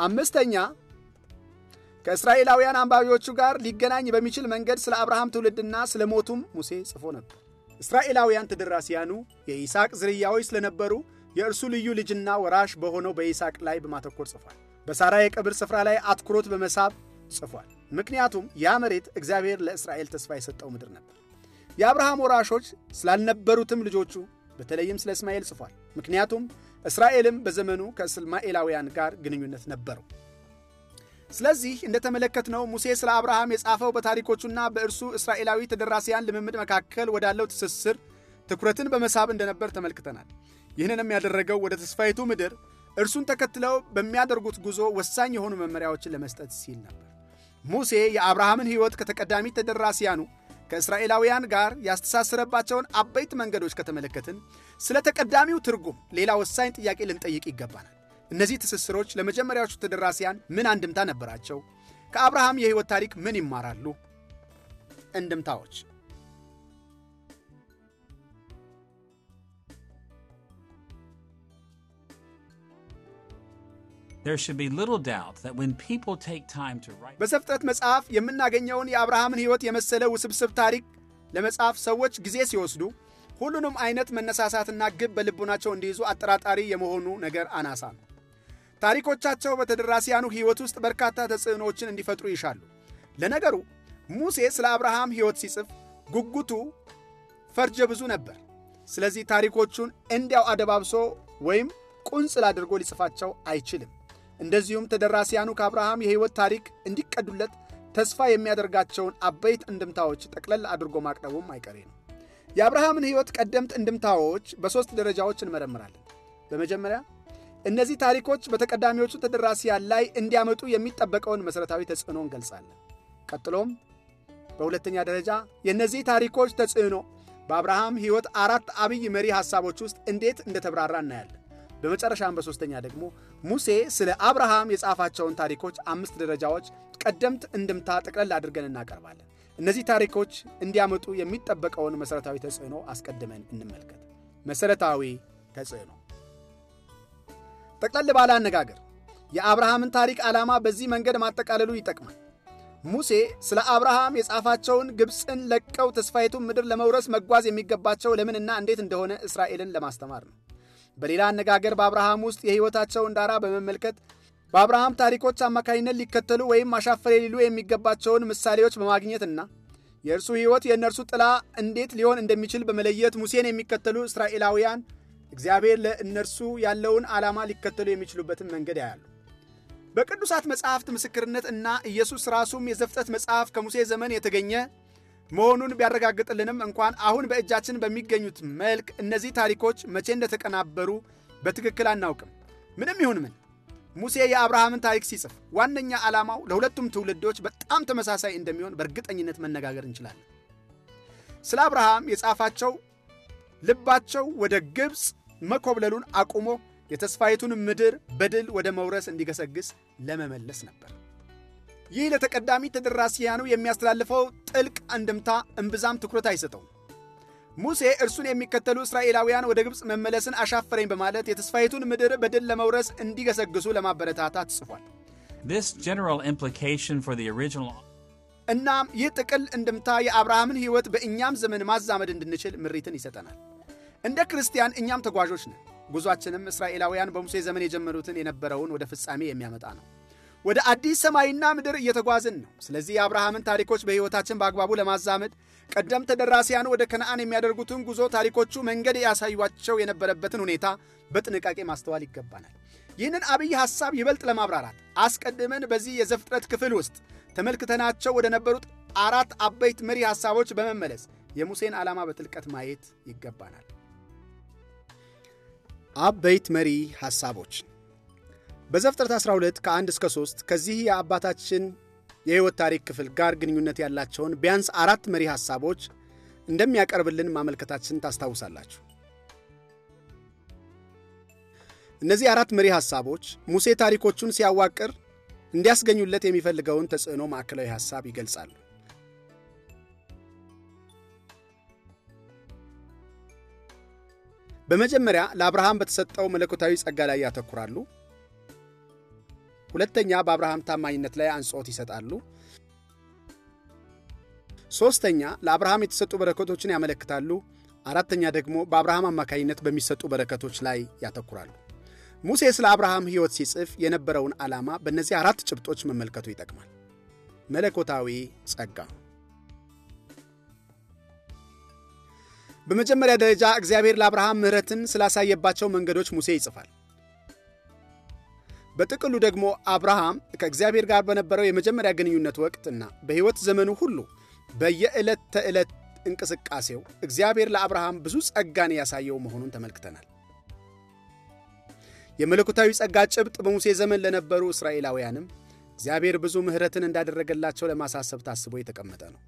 አምስተኛ ከእስራኤላውያን አንባቢዎቹ ጋር ሊገናኝ በሚችል መንገድ ስለ አብርሃም ትውልድና ስለ ሞቱም ሙሴ ጽፎ ነበር። እስራኤላውያን ተደራሲያኑ የይስሐቅ ዝርያዎች ስለነበሩ የእርሱ ልዩ ልጅና ወራሽ በሆነው በይስሐቅ ላይ በማተኮር ጽፏል። በሳራ የቀብር ስፍራ ላይ አትኩሮት በመሳብ ጽፏል። ምክንያቱም ያ መሬት እግዚአብሔር ለእስራኤል ተስፋ የሰጠው ምድር ነበር። የአብርሃም ወራሾች ስላልነበሩትም ልጆቹ በተለይም ስለ እስማኤል ጽፏል። ምክንያቱም እስራኤልም በዘመኑ ከእስማኤላውያን ጋር ግንኙነት ነበረው። ስለዚህ እንደተመለከትነው ሙሴ ስለ አብርሃም የጻፈው በታሪኮቹና በእርሱ እስራኤላዊ ተደራሲያን ልምምድ መካከል ወዳለው ትስስር ትኩረትን በመሳብ እንደነበር ተመልክተናል። ይህንንም ያደረገው ወደ ተስፋይቱ ምድር እርሱን ተከትለው በሚያደርጉት ጉዞ ወሳኝ የሆኑ መመሪያዎችን ለመስጠት ሲል ነበር። ሙሴ የአብርሃምን ሕይወት ከተቀዳሚ ተደራሲያኑ ከእስራኤላውያን ጋር ያስተሳሰረባቸውን አበይት መንገዶች ከተመለከትን ስለ ተቀዳሚው ትርጉም ሌላ ወሳኝ ጥያቄ ልንጠይቅ ይገባናል። እነዚህ ትስስሮች ለመጀመሪያዎቹ ተደራሲያን ምን አንድምታ ነበራቸው? ከአብርሃም የሕይወት ታሪክ ምን ይማራሉ? እንድምታዎች በዘፍጥረት መጽሐፍ የምናገኘውን የአብርሃምን ሕይወት የመሰለ ውስብስብ ታሪክ ለመጻፍ ሰዎች ጊዜ ሲወስዱ ሁሉንም አይነት መነሳሳትና ግብ በልቡናቸው እንዲይዙ አጠራጣሪ የመሆኑ ነገር አናሳ ነው። ታሪኮቻቸው በተደራሲያኑ ሕይወት ውስጥ በርካታ ተጽዕኖዎችን እንዲፈጥሩ ይሻሉ። ለነገሩ ሙሴ ስለ አብርሃም ሕይወት ሲጽፍ ጉጉቱ ፈርጀ ብዙ ነበር። ስለዚህ ታሪኮቹን እንዲያው አደባብሶ ወይም ቁንጽል አድርጎ ሊጽፋቸው አይችልም። እንደዚሁም ተደራሲያኑ ከአብርሃም የሕይወት ታሪክ እንዲቀዱለት ተስፋ የሚያደርጋቸውን አበይት እንድምታዎች ጠቅለል አድርጎ ማቅረቡም አይቀሬ ነው። የአብርሃምን ሕይወት ቀደምት እንድምታዎች በሦስት ደረጃዎች እንመረምራለን። በመጀመሪያ እነዚህ ታሪኮች በተቀዳሚዎቹ ተደራሲያን ላይ እንዲያመጡ የሚጠበቀውን መሠረታዊ ተጽዕኖ እንገልጻለን። ቀጥሎም በሁለተኛ ደረጃ የእነዚህ ታሪኮች ተጽዕኖ በአብርሃም ሕይወት አራት አብይ መሪ ሐሳቦች ውስጥ እንዴት እንደተብራራ እናያለን። በመጨረሻም በሦስተኛ ደግሞ ሙሴ ስለ አብርሃም የጻፋቸውን ታሪኮች አምስት ደረጃዎች ቀደምት እንድምታ ጠቅለል አድርገን እናቀርባለን። እነዚህ ታሪኮች እንዲያመጡ የሚጠበቀውን መሠረታዊ ተጽዕኖ አስቀድመን እንመልከት። መሠረታዊ ተጽዕኖ ጠቅለል ባለ አነጋገር የአብርሃምን ታሪክ ዓላማ በዚህ መንገድ ማጠቃለሉ ይጠቅማል። ሙሴ ስለ አብርሃም የጻፋቸውን ግብፅን ለቀው ተስፋይቱን ምድር ለመውረስ መጓዝ የሚገባቸው ለምንና እንዴት እንደሆነ እስራኤልን ለማስተማር ነው። በሌላ አነጋገር በአብርሃም ውስጥ የሕይወታቸውን ዳራ በመመልከት በአብርሃም ታሪኮች አማካኝነት ሊከተሉ ወይም አሻፈሬ ሊሉ የሚገባቸውን ምሳሌዎች በማግኘትና የእርሱ ሕይወት የእነርሱ ጥላ እንዴት ሊሆን እንደሚችል በመለየት ሙሴን የሚከተሉ እስራኤላውያን እግዚአብሔር ለእነርሱ ያለውን ዓላማ ሊከተሉ የሚችሉበትን መንገድ ያያሉ። በቅዱሳት መጽሐፍት ምስክርነት እና ኢየሱስ ራሱም የዘፍጠት መጽሐፍ ከሙሴ ዘመን የተገኘ መሆኑን ቢያረጋግጥልንም እንኳን አሁን በእጃችን በሚገኙት መልክ እነዚህ ታሪኮች መቼ እንደተቀናበሩ በትክክል አናውቅም። ምንም ይሁን ምን ሙሴ የአብርሃምን ታሪክ ሲጽፍ ዋነኛ ዓላማው ለሁለቱም ትውልዶች በጣም ተመሳሳይ እንደሚሆን በእርግጠኝነት መነጋገር እንችላለን። ስለ አብርሃም የጻፋቸው ልባቸው ወደ ግብፅ መኮብለሉን አቁሞ የተስፋይቱን ምድር በድል ወደ መውረስ እንዲገሰግስ ለመመለስ ነበር። ይህ ለተቀዳሚ ተደራሲያኑ የሚያስተላልፈው ጥልቅ አንድምታ እምብዛም ትኩረት አይሰጠው። ሙሴ እርሱን የሚከተሉ እስራኤላውያን ወደ ግብፅ መመለስን አሻፈረኝ በማለት የተስፋይቱን ምድር በድል ለመውረስ እንዲገሰግሱ ለማበረታታት ጽፏል። እናም ይህ ጥቅል እንድምታ የአብርሃምን ሕይወት በእኛም ዘመን ማዛመድ እንድንችል ምሪትን ይሰጠናል። እንደ ክርስቲያን እኛም ተጓዦች ነን። ጉዟችንም እስራኤላውያን በሙሴ ዘመን የጀመሩትን የነበረውን ወደ ፍጻሜ የሚያመጣ ነው። ወደ አዲስ ሰማይና ምድር እየተጓዝን ነው። ስለዚህ የአብርሃምን ታሪኮች በሕይወታችን በአግባቡ ለማዛመድ ቀደም ተደራሲያን ወደ ከነአን የሚያደርጉትን ጉዞ ታሪኮቹ መንገድ ያሳዩቸው የነበረበትን ሁኔታ በጥንቃቄ ማስተዋል ይገባናል። ይህንን አብይ ሐሳብ ይበልጥ ለማብራራት አስቀድመን በዚህ የዘፍጥረት ክፍል ውስጥ ተመልክተናቸው ወደ ነበሩት አራት አበይት መሪ ሐሳቦች በመመለስ የሙሴን ዓላማ በጥልቀት ማየት ይገባናል። አበይት መሪ ሐሳቦች በዘፍጥረት 12 ከ1 እስከ 3 ከዚህ የአባታችን የሕይወት ታሪክ ክፍል ጋር ግንኙነት ያላቸውን ቢያንስ አራት መሪ ሐሳቦች እንደሚያቀርብልን ማመልከታችን ታስታውሳላችሁ። እነዚህ አራት መሪ ሐሳቦች ሙሴ ታሪኮቹን ሲያዋቅር እንዲያስገኙለት የሚፈልገውን ተጽዕኖ ማዕከላዊ ሐሳብ ይገልጻሉ። በመጀመሪያ ለአብርሃም በተሰጠው መለኮታዊ ጸጋ ላይ ያተኩራሉ። ሁለተኛ በአብርሃም ታማኝነት ላይ አጽንዖት ይሰጣሉ። ሦስተኛ ለአብርሃም የተሰጡ በረከቶችን ያመለክታሉ። አራተኛ ደግሞ በአብርሃም አማካኝነት በሚሰጡ በረከቶች ላይ ያተኩራሉ። ሙሴ ስለ አብርሃም ሕይወት ሲጽፍ የነበረውን ዓላማ በእነዚህ አራት ጭብጦች መመልከቱ ይጠቅማል። መለኮታዊ ጸጋ በመጀመሪያ ደረጃ እግዚአብሔር ለአብርሃም ምሕረትን ስላሳየባቸው መንገዶች ሙሴ ይጽፋል። በጥቅሉ ደግሞ አብርሃም ከእግዚአብሔር ጋር በነበረው የመጀመሪያ ግንኙነት ወቅትና በሕይወት ዘመኑ ሁሉ በየዕለት ተዕለት እንቅስቃሴው እግዚአብሔር ለአብርሃም ብዙ ጸጋን ያሳየው መሆኑን ተመልክተናል። የመለኮታዊ ጸጋ ጭብጥ በሙሴ ዘመን ለነበሩ እስራኤላውያንም እግዚአብሔር ብዙ ምሕረትን እንዳደረገላቸው ለማሳሰብ ታስቦ የተቀመጠ ነው።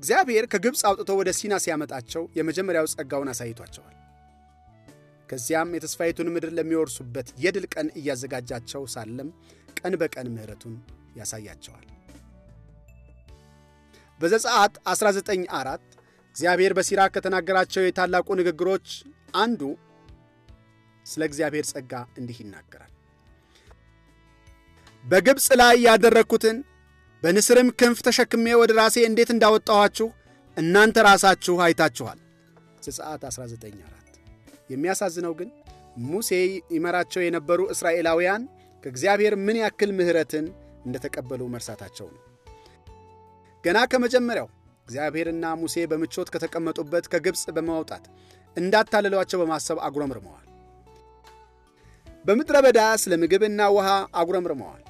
እግዚአብሔር ከግብፅ አውጥቶ ወደ ሲና ሲያመጣቸው የመጀመሪያው ጸጋውን አሳይቷቸዋል። ከዚያም የተስፋይቱን ምድር ለሚወርሱበት የድል ቀን እያዘጋጃቸው ሳለም ቀን በቀን ምሕረቱን ያሳያቸዋል። በዘጸአት 19፥4 እግዚአብሔር በሲራ ከተናገራቸው የታላቁ ንግግሮች አንዱ ስለ እግዚአብሔር ጸጋ እንዲህ ይናገራል። በግብፅ ላይ ያደረግኩትን በንስርም ክንፍ ተሸክሜ ወደ ራሴ እንዴት እንዳወጣኋችሁ እናንተ ራሳችሁ አይታችኋል። ዘጸአት 19 የሚያሳዝነው ግን ሙሴ ይመራቸው የነበሩ እስራኤላውያን ከእግዚአብሔር ምን ያክል ምሕረትን እንደተቀበሉ መርሳታቸው ነው። ገና ከመጀመሪያው እግዚአብሔርና ሙሴ በምቾት ከተቀመጡበት ከግብፅ በማውጣት እንዳታለሏቸው በማሰብ አጉረምርመዋል። በምድረ በዳ ስለ ምግብና ውሃ አጉረምርመዋል።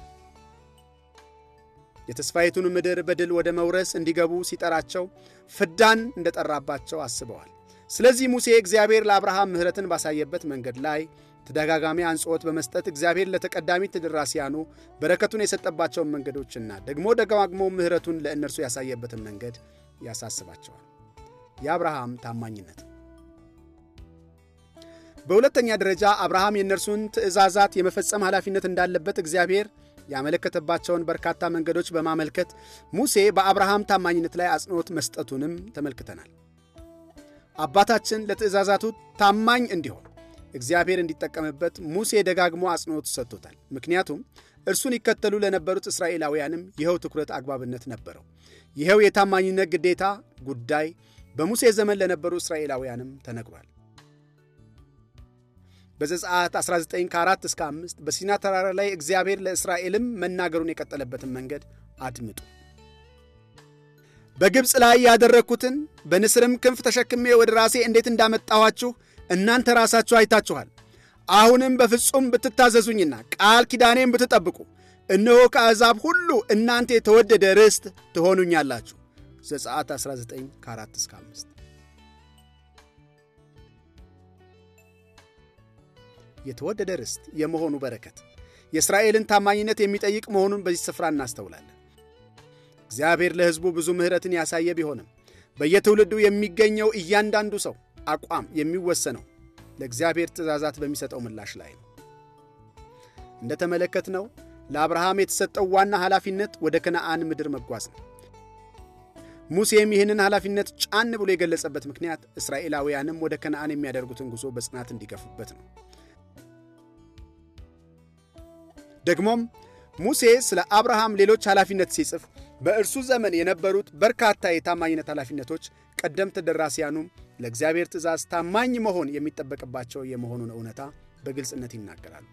የተስፋይቱን ምድር በድል ወደ መውረስ እንዲገቡ ሲጠራቸው ፍዳን እንደጠራባቸው አስበዋል። ስለዚህ ሙሴ እግዚአብሔር ለአብርሃም ምሕረትን ባሳየበት መንገድ ላይ ተደጋጋሚ አንጽወት በመስጠት እግዚአብሔር ለተቀዳሚ ተደራሲያኑ በረከቱን የሰጠባቸውን መንገዶችና ደግሞ ደጋግሞ ምሕረቱን ለእነርሱ ያሳየበትን መንገድ ያሳስባቸዋል። የአብርሃም ታማኝነት። በሁለተኛ ደረጃ አብርሃም የእነርሱን ትእዛዛት የመፈጸም ኃላፊነት እንዳለበት እግዚአብሔር ያመለከተባቸውን በርካታ መንገዶች በማመልከት ሙሴ በአብርሃም ታማኝነት ላይ አጽንኦት መስጠቱንም ተመልክተናል። አባታችን ለትእዛዛቱ ታማኝ እንዲሆን እግዚአብሔር እንዲጠቀምበት ሙሴ ደጋግሞ አጽንኦት ሰጥቶታል። ምክንያቱም እርሱን ይከተሉ ለነበሩት እስራኤላውያንም ይኸው ትኩረት አግባብነት ነበረው። ይኸው የታማኝነት ግዴታ ጉዳይ በሙሴ ዘመን ለነበሩ እስራኤላውያንም ተነግሯል። በዘጸአት 19 ከ4 እስከ 5 በሲና ተራራ ላይ እግዚአብሔር ለእስራኤልም መናገሩን የቀጠለበትን መንገድ አድምጡ። በግብፅ ላይ ያደረግኩትን በንስርም ክንፍ ተሸክሜ ወደ ራሴ እንዴት እንዳመጣኋችሁ እናንተ ራሳችሁ አይታችኋል። አሁንም በፍጹም ብትታዘዙኝና ቃል ኪዳኔን ብትጠብቁ እነሆ ከአሕዛብ ሁሉ እናንተ የተወደደ ርስት ትሆኑኛላችሁ። ዘጸአት 19 4 እስከ 5 የተወደደ ርስት የመሆኑ በረከት የእስራኤልን ታማኝነት የሚጠይቅ መሆኑን በዚህ ስፍራ እናስተውላለን። እግዚአብሔር ለሕዝቡ ብዙ ምሕረትን ያሳየ ቢሆንም በየትውልዱ የሚገኘው እያንዳንዱ ሰው አቋም የሚወሰነው ለእግዚአብሔር ትእዛዛት በሚሰጠው ምላሽ ላይ ነው። እንደተመለከትነው ለአብርሃም የተሰጠው ዋና ኃላፊነት ወደ ከነአን ምድር መጓዝ ነው። ሙሴም ይህንን ኃላፊነት ጫን ብሎ የገለጸበት ምክንያት እስራኤላውያንም ወደ ከነአን የሚያደርጉትን ጉዞ በጽናት እንዲገፉበት ነው። ደግሞም ሙሴ ስለ አብርሃም ሌሎች ኃላፊነት ሲጽፍ በእርሱ ዘመን የነበሩት በርካታ የታማኝነት ኃላፊነቶች ቀደምት ደራሲያኑም ለእግዚአብሔር ትእዛዝ ታማኝ መሆን የሚጠበቅባቸው የመሆኑን እውነታ በግልጽነት ይናገራሉ።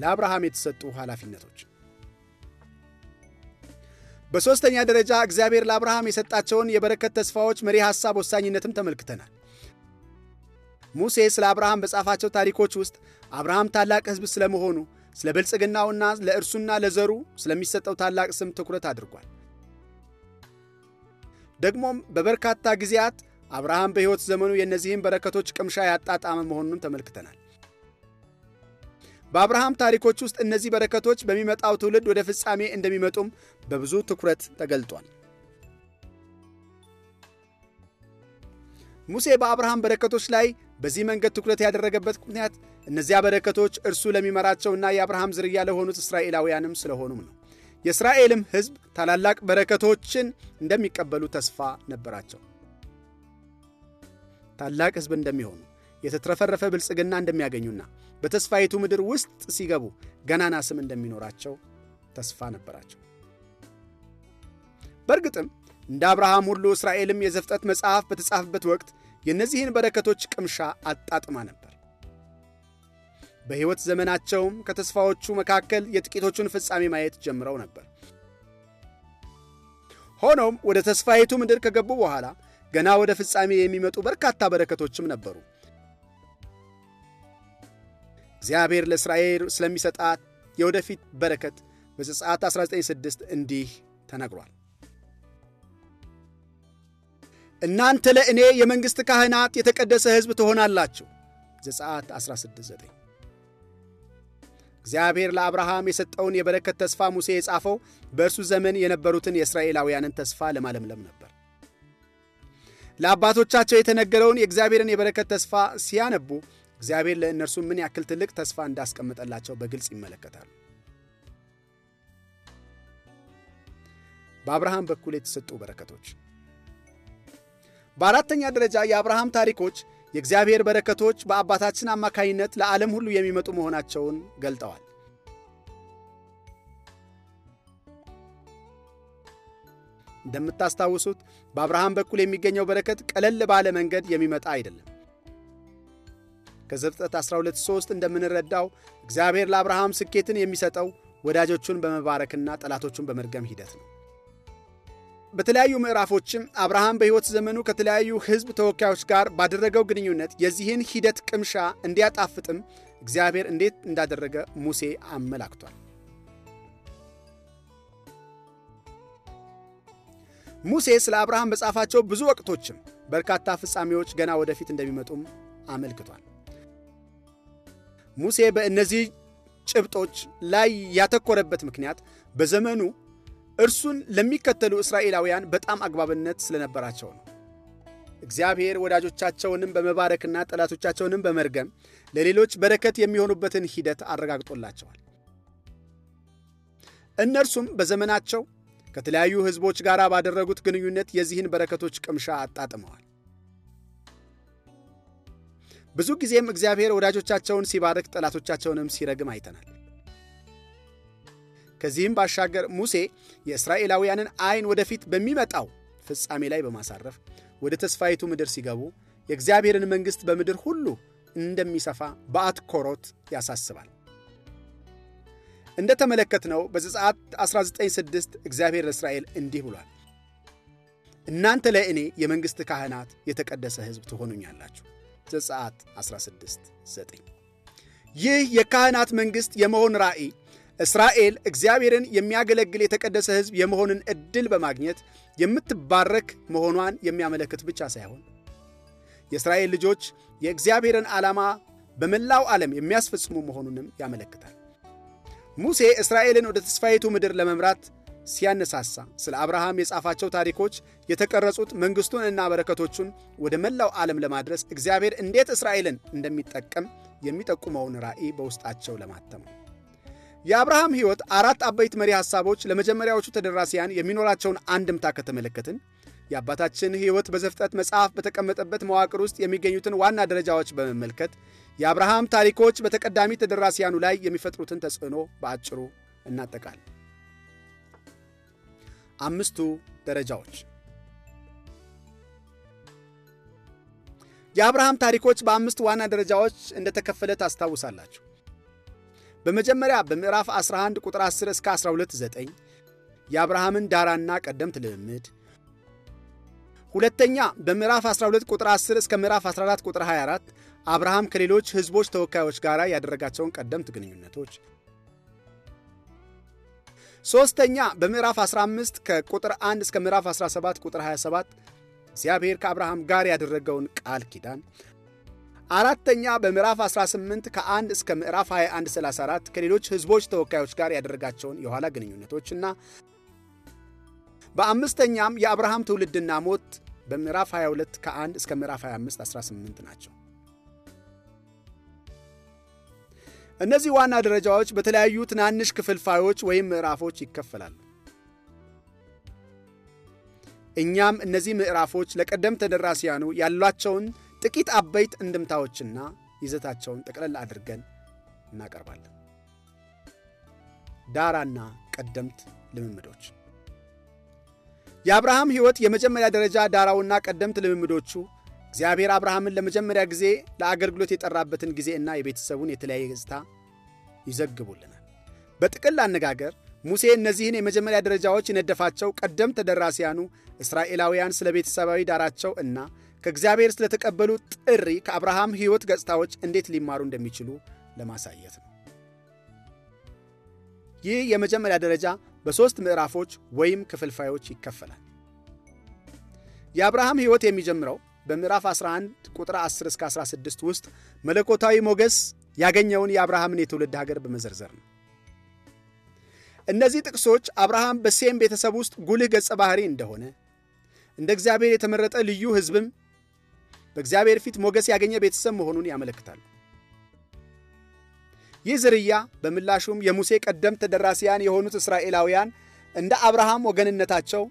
ለአብርሃም የተሰጡ ኃላፊነቶች በሦስተኛ ደረጃ እግዚአብሔር ለአብርሃም የሰጣቸውን የበረከት ተስፋዎች መሪ ሐሳብ ወሳኝነትም ተመልክተናል። ሙሴ ስለ አብርሃም በጻፋቸው ታሪኮች ውስጥ አብርሃም ታላቅ ሕዝብ ስለመሆኑ ስለ ብልጽግናውና ለእርሱና ለዘሩ ስለሚሰጠው ታላቅ ስም ትኩረት አድርጓል። ደግሞም በበርካታ ጊዜያት አብርሃም በሕይወት ዘመኑ የእነዚህን በረከቶች ቅምሻ ያጣጣመ መሆኑንም ተመልክተናል። በአብርሃም ታሪኮች ውስጥ እነዚህ በረከቶች በሚመጣው ትውልድ ወደ ፍጻሜ እንደሚመጡም በብዙ ትኩረት ተገልጧል። ሙሴ በአብርሃም በረከቶች ላይ በዚህ መንገድ ትኩረት ያደረገበት ምክንያት እነዚያ በረከቶች እርሱ ለሚመራቸውና የአብርሃም ዝርያ ለሆኑት እስራኤላውያንም ስለሆኑም ነው። የእስራኤልም ሕዝብ ታላላቅ በረከቶችን እንደሚቀበሉ ተስፋ ነበራቸው። ታላቅ ሕዝብ እንደሚሆኑ፣ የተትረፈረፈ ብልጽግና እንደሚያገኙና በተስፋይቱ ምድር ውስጥ ሲገቡ ገናና ስም እንደሚኖራቸው ተስፋ ነበራቸው። በእርግጥም እንደ አብርሃም ሁሉ እስራኤልም የዘፍጠት መጽሐፍ በተጻፈበት ወቅት የእነዚህን በረከቶች ቅምሻ አጣጥማ ነበር። በሕይወት ዘመናቸውም ከተስፋዎቹ መካከል የጥቂቶቹን ፍጻሜ ማየት ጀምረው ነበር። ሆኖም ወደ ተስፋዪቱ ምድር ከገቡ በኋላ ገና ወደ ፍጻሜ የሚመጡ በርካታ በረከቶችም ነበሩ። እግዚአብሔር ለእስራኤል ስለሚሰጣት የወደፊት በረከት በዘጸአት 19፥6 እንዲህ ተነግሯል። እናንተ ለእኔ የመንግሥት ካህናት የተቀደሰ ሕዝብ ትሆናላችሁ። ዘጸአት 16፥9 እግዚአብሔር ለአብርሃም የሰጠውን የበረከት ተስፋ ሙሴ የጻፈው በእርሱ ዘመን የነበሩትን የእስራኤላውያንን ተስፋ ለማለምለም ነበር። ለአባቶቻቸው የተነገረውን የእግዚአብሔርን የበረከት ተስፋ ሲያነቡ እግዚአብሔር ለእነርሱ ምን ያክል ትልቅ ተስፋ እንዳስቀመጠላቸው በግልጽ ይመለከታሉ። በአብርሃም በኩል የተሰጡ በረከቶች በአራተኛ ደረጃ የአብርሃም ታሪኮች የእግዚአብሔር በረከቶች በአባታችን አማካይነት ለዓለም ሁሉ የሚመጡ መሆናቸውን ገልጠዋል። እንደምታስታውሱት በአብርሃም በኩል የሚገኘው በረከት ቀለል ባለ መንገድ የሚመጣ አይደለም። ከዘፍጥረት 12፥3 እንደምንረዳው እግዚአብሔር ለአብርሃም ስኬትን የሚሰጠው ወዳጆቹን በመባረክና ጠላቶቹን በመርገም ሂደት ነው። በተለያዩ ምዕራፎችም አብርሃም በሕይወት ዘመኑ ከተለያዩ ሕዝብ ተወካዮች ጋር ባደረገው ግንኙነት የዚህን ሂደት ቅምሻ እንዲያጣፍጥም እግዚአብሔር እንዴት እንዳደረገ ሙሴ አመላክቷል። ሙሴ ስለ አብርሃም በጻፋቸው ብዙ ወቅቶችም በርካታ ፍጻሜዎች ገና ወደፊት እንደሚመጡም አመልክቷል። ሙሴ በእነዚህ ጭብጦች ላይ ያተኮረበት ምክንያት በዘመኑ እርሱን ለሚከተሉ እስራኤላውያን በጣም አግባብነት ስለነበራቸው ነው። እግዚአብሔር ወዳጆቻቸውንም በመባረክና ጠላቶቻቸውንም በመርገም ለሌሎች በረከት የሚሆኑበትን ሂደት አረጋግጦላቸዋል። እነርሱም በዘመናቸው ከተለያዩ ሕዝቦች ጋር ባደረጉት ግንኙነት የዚህን በረከቶች ቅምሻ አጣጥመዋል። ብዙ ጊዜም እግዚአብሔር ወዳጆቻቸውን ሲባርክ ጠላቶቻቸውንም ሲረግም አይተናል። ከዚህም ባሻገር ሙሴ የእስራኤላውያንን አይን ወደፊት በሚመጣው ፍጻሜ ላይ በማሳረፍ ወደ ተስፋይቱ ምድር ሲገቡ የእግዚአብሔርን መንግሥት በምድር ሁሉ እንደሚሰፋ በአትኮሮት ያሳስባል። እንደ ተመለከትነው በዘጸአት 19፥6 እግዚአብሔር ለእስራኤል እንዲህ ብሏል፣ እናንተ ለእኔ የመንግሥት ካህናት የተቀደሰ ሕዝብ ትሆኑኛላችሁ። ዘጸአት 16፥9 ይህ የካህናት መንግሥት የመሆን ራእይ እስራኤል እግዚአብሔርን የሚያገለግል የተቀደሰ ሕዝብ የመሆንን ዕድል በማግኘት የምትባረክ መሆኗን የሚያመለክት ብቻ ሳይሆን የእስራኤል ልጆች የእግዚአብሔርን ዓላማ በመላው ዓለም የሚያስፈጽሙ መሆኑንም ያመለክታል። ሙሴ እስራኤልን ወደ ተስፋይቱ ምድር ለመምራት ሲያነሳሳ ስለ አብርሃም የጻፋቸው ታሪኮች የተቀረጹት መንግሥቱን እና በረከቶቹን ወደ መላው ዓለም ለማድረስ እግዚአብሔር እንዴት እስራኤልን እንደሚጠቀም የሚጠቁመውን ራእይ በውስጣቸው ለማተም ነው። የአብርሃም ሕይወት አራት አበይት መሪ ሐሳቦች ለመጀመሪያዎቹ ተደራሲያን የሚኖራቸውን አንድምታ ከተመለከትን የአባታችን ሕይወት በዘፍጠት መጽሐፍ በተቀመጠበት መዋቅር ውስጥ የሚገኙትን ዋና ደረጃዎች በመመልከት የአብርሃም ታሪኮች በተቀዳሚ ተደራሲያኑ ላይ የሚፈጥሩትን ተጽዕኖ በአጭሩ እናጠቃል። አምስቱ ደረጃዎች የአብርሃም ታሪኮች በአምስት ዋና ደረጃዎች እንደተከፈለ ታስታውሳላችሁ። በመጀመሪያ በምዕራፍ 11 ቁጥር 10 እስከ 12 9 የአብርሃምን ዳራና ቀደምት ልምምድ፣ ሁለተኛ በምዕራፍ 12 ቁጥር 10 እስከ ምዕራፍ 14 ቁጥር 24 አብርሃም ከሌሎች ሕዝቦች ተወካዮች ጋር ያደረጋቸውን ቀደምት ግንኙነቶች፣ ሦስተኛ በምዕራፍ 15 ከቁጥር 1 እስከ ምዕራፍ 17 ቁጥር 27 እግዚአብሔር ከአብርሃም ጋር ያደረገውን ቃል ኪዳን አራተኛ በምዕራፍ 18 ከ1 እስከ ምዕራፍ 21 34 ከሌሎች ህዝቦች ተወካዮች ጋር ያደረጋቸውን የኋላ ግንኙነቶችና በአምስተኛም የአብርሃም ትውልድና ሞት በምዕራፍ 22 ከ1 እስከ ምዕራፍ 25 18 ናቸው። እነዚህ ዋና ደረጃዎች በተለያዩ ትናንሽ ክፍልፋዮች ወይም ምዕራፎች ይከፈላሉ። እኛም እነዚህ ምዕራፎች ለቀደም ተደራሲያኑ ያሏቸውን ጥቂት አበይት እንድምታዎችና ይዘታቸውን ጠቅለል አድርገን እናቀርባለን። ዳራና ቀደምት ልምምዶች የአብርሃም ሕይወት የመጀመሪያ ደረጃ ዳራውና ቀደምት ልምምዶቹ እግዚአብሔር አብርሃምን ለመጀመሪያ ጊዜ ለአገልግሎት የጠራበትን ጊዜ እና የቤተሰቡን የተለያየ ገጽታ ይዘግቡልናል። በጥቅል አነጋገር ሙሴ እነዚህን የመጀመሪያ ደረጃዎች የነደፋቸው ቀደምት ደራሲያኑ እስራኤላውያን ስለ ቤተሰባዊ ዳራቸው እና ከእግዚአብሔር ስለተቀበሉ ጥሪ ከአብርሃም ሕይወት ገጽታዎች እንዴት ሊማሩ እንደሚችሉ ለማሳየት ነው። ይህ የመጀመሪያ ደረጃ በሦስት ምዕራፎች ወይም ክፍልፋዮች ይከፈላል። የአብርሃም ሕይወት የሚጀምረው በምዕራፍ 11 ቁጥር 10 እስከ 16 ውስጥ መለኮታዊ ሞገስ ያገኘውን የአብርሃምን የትውልድ ሀገር በመዘርዘር ነው። እነዚህ ጥቅሶች አብርሃም በሴም ቤተሰብ ውስጥ ጉልህ ገጸ ባህሪ እንደሆነ እንደ እግዚአብሔር የተመረጠ ልዩ ሕዝብም በእግዚአብሔር ፊት ሞገስ ያገኘ ቤተሰብ መሆኑን ያመለክታል። ይህ ዝርያ በምላሹም የሙሴ ቀደምት ደራሲያን የሆኑት እስራኤላውያን እንደ አብርሃም ወገንነታቸው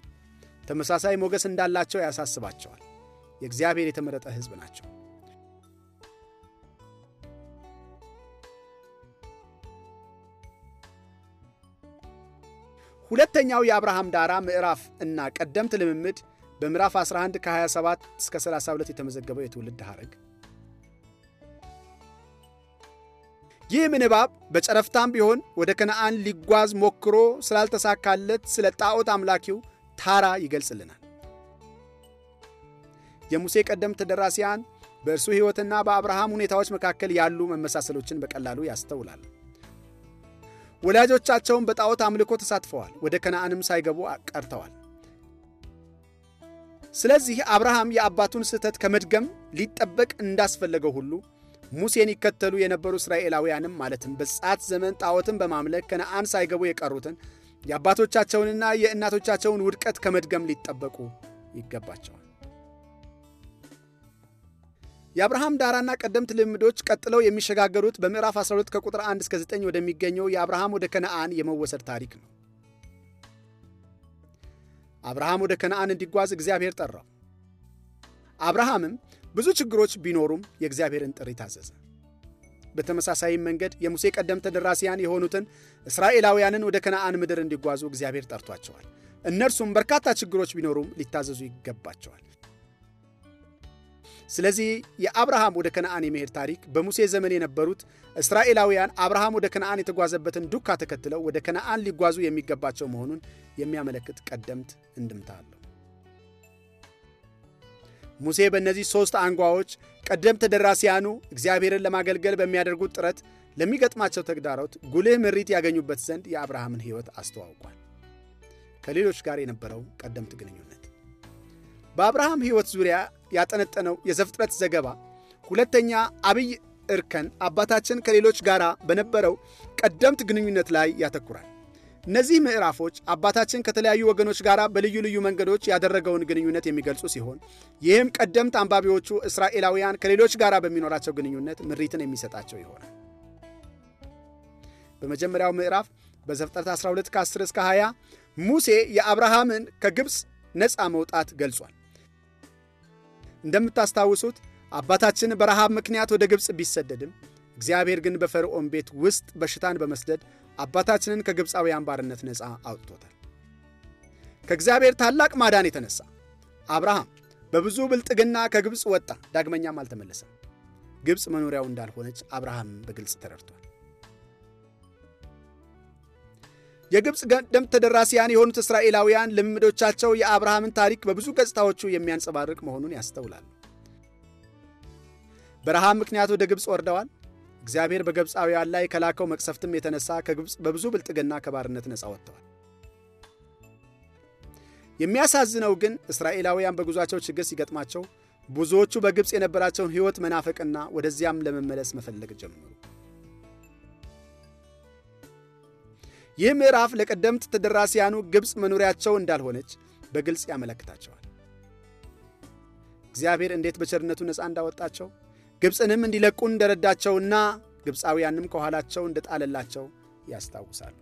ተመሳሳይ ሞገስ እንዳላቸው ያሳስባቸዋል። የእግዚአብሔር የተመረጠ ሕዝብ ናቸው። ሁለተኛው የአብርሃም ዳራ ምዕራፍ እና ቀደምት ልምምድ በምዕራፍ 11 ከ27 እስከ 32 የተመዘገበው የትውልድ ሐረግ ይህ ምንባብ በጨረፍታም ቢሆን ወደ ከነአን ሊጓዝ ሞክሮ ስላልተሳካለት ስለ ጣዖት አምላኪው ታራ ይገልጽልናል። የሙሴ ቀደም ደራሲያን በእርሱ ሕይወትና በአብርሃም ሁኔታዎች መካከል ያሉ መመሳሰሎችን በቀላሉ ያስተውላል። ወላጆቻቸውም በጣዖት አምልኮ ተሳትፈዋል፣ ወደ ከነአንም ሳይገቡ ቀርተዋል። ስለዚህ አብርሃም የአባቱን ስህተት ከመድገም ሊጠበቅ እንዳስፈለገው ሁሉ ሙሴን ይከተሉ የነበሩ እስራኤላውያንም ማለትም በፀዓት ዘመን ጣዖትን በማምለክ ከነአን ሳይገቡ የቀሩትን የአባቶቻቸውንና የእናቶቻቸውን ውድቀት ከመድገም ሊጠበቁ ይገባቸዋል። የአብርሃም ዳራና ቀደምት ልምዶች ቀጥለው የሚሸጋገሩት በምዕራፍ 12 ከቁጥር 1 እስከ 9 ወደሚገኘው የአብርሃም ወደ ከነአን የመወሰድ ታሪክ ነው። አብርሃም ወደ ከነአን እንዲጓዝ እግዚአብሔር ጠራው። አብርሃምም ብዙ ችግሮች ቢኖሩም የእግዚአብሔርን ጥሪ ታዘዘ። በተመሳሳይም መንገድ የሙሴ ቀደም ተደራሲያን የሆኑትን እስራኤላውያንን ወደ ከነአን ምድር እንዲጓዙ እግዚአብሔር ጠርቷቸዋል። እነርሱም በርካታ ችግሮች ቢኖሩም ሊታዘዙ ይገባቸዋል። ስለዚህ የአብርሃም ወደ ከነአን የመሄድ ታሪክ በሙሴ ዘመን የነበሩት እስራኤላውያን አብርሃም ወደ ከነአን የተጓዘበትን ዱካ ተከትለው ወደ ከነአን ሊጓዙ የሚገባቸው መሆኑን የሚያመለክት ቀደምት እንድምታ አለው። ሙሴ በእነዚህ ሦስት አንጓዎች ቀደምት ደራሲያኑ እግዚአብሔርን ለማገልገል በሚያደርጉት ጥረት ለሚገጥማቸው ተግዳሮት ጉልህ ምሪት ያገኙበት ዘንድ የአብርሃምን ሕይወት አስተዋውቋል። ከሌሎች ጋር የነበረው ቀደምት ግንኙነት በአብርሃም ሕይወት ዙሪያ ያጠነጠነው የዘፍጥረት ዘገባ ሁለተኛ አብይ እርከን አባታችን ከሌሎች ጋር በነበረው ቀደምት ግንኙነት ላይ ያተኩራል። እነዚህ ምዕራፎች አባታችን ከተለያዩ ወገኖች ጋር በልዩ ልዩ መንገዶች ያደረገውን ግንኙነት የሚገልጹ ሲሆን ይህም ቀደምት አንባቢዎቹ እስራኤላውያን ከሌሎች ጋር በሚኖራቸው ግንኙነት ምሪትን የሚሰጣቸው ይሆናል። በመጀመሪያው ምዕራፍ በዘፍጥረት 12 ከ10 እስከ 20 ሙሴ የአብርሃምን ከግብፅ ነፃ መውጣት ገልጿል። እንደምታስታውሱት አባታችን በረሃብ ምክንያት ወደ ግብፅ ቢሰደድም እግዚአብሔር ግን በፈርዖን ቤት ውስጥ በሽታን በመስደድ አባታችንን ከግብፃውያን ባርነት ነፃ አውጥቶታል። ከእግዚአብሔር ታላቅ ማዳን የተነሳ አብርሃም በብዙ ብልጥግና ከግብፅ ወጣ፣ ዳግመኛም አልተመለሰም። ግብፅ መኖሪያው እንዳልሆነች አብርሃም በግልጽ ተረድቷል። የግብፅ ቀደምት ተደራሲያን የሆኑት እስራኤላውያን ልምምዶቻቸው የአብርሃምን ታሪክ በብዙ ገጽታዎቹ የሚያንጸባርቅ መሆኑን ያስተውላሉ። በረሃብ ምክንያት ወደ ግብፅ ወርደዋል። እግዚአብሔር በግብፃውያን ላይ ከላከው መቅሰፍትም የተነሳ ከግብፅ በብዙ ብልጥግና ከባርነት ነፃ ወጥተዋል። የሚያሳዝነው ግን እስራኤላውያን በጉዟቸው ችግር ሲገጥማቸው ብዙዎቹ በግብፅ የነበራቸውን ሕይወት መናፈቅና ወደዚያም ለመመለስ መፈለግ ጀመሩ። ይህ ምዕራፍ ለቀደምት ተደራሲያኑ ግብፅ መኖሪያቸው እንዳልሆነች በግልጽ ያመለክታቸዋል። እግዚአብሔር እንዴት በቸርነቱ ነፃ እንዳወጣቸው ግብፅንም እንዲለቁ እንደረዳቸውና ግብፃውያንም ከኋላቸው እንደጣለላቸው ያስታውሳሉ።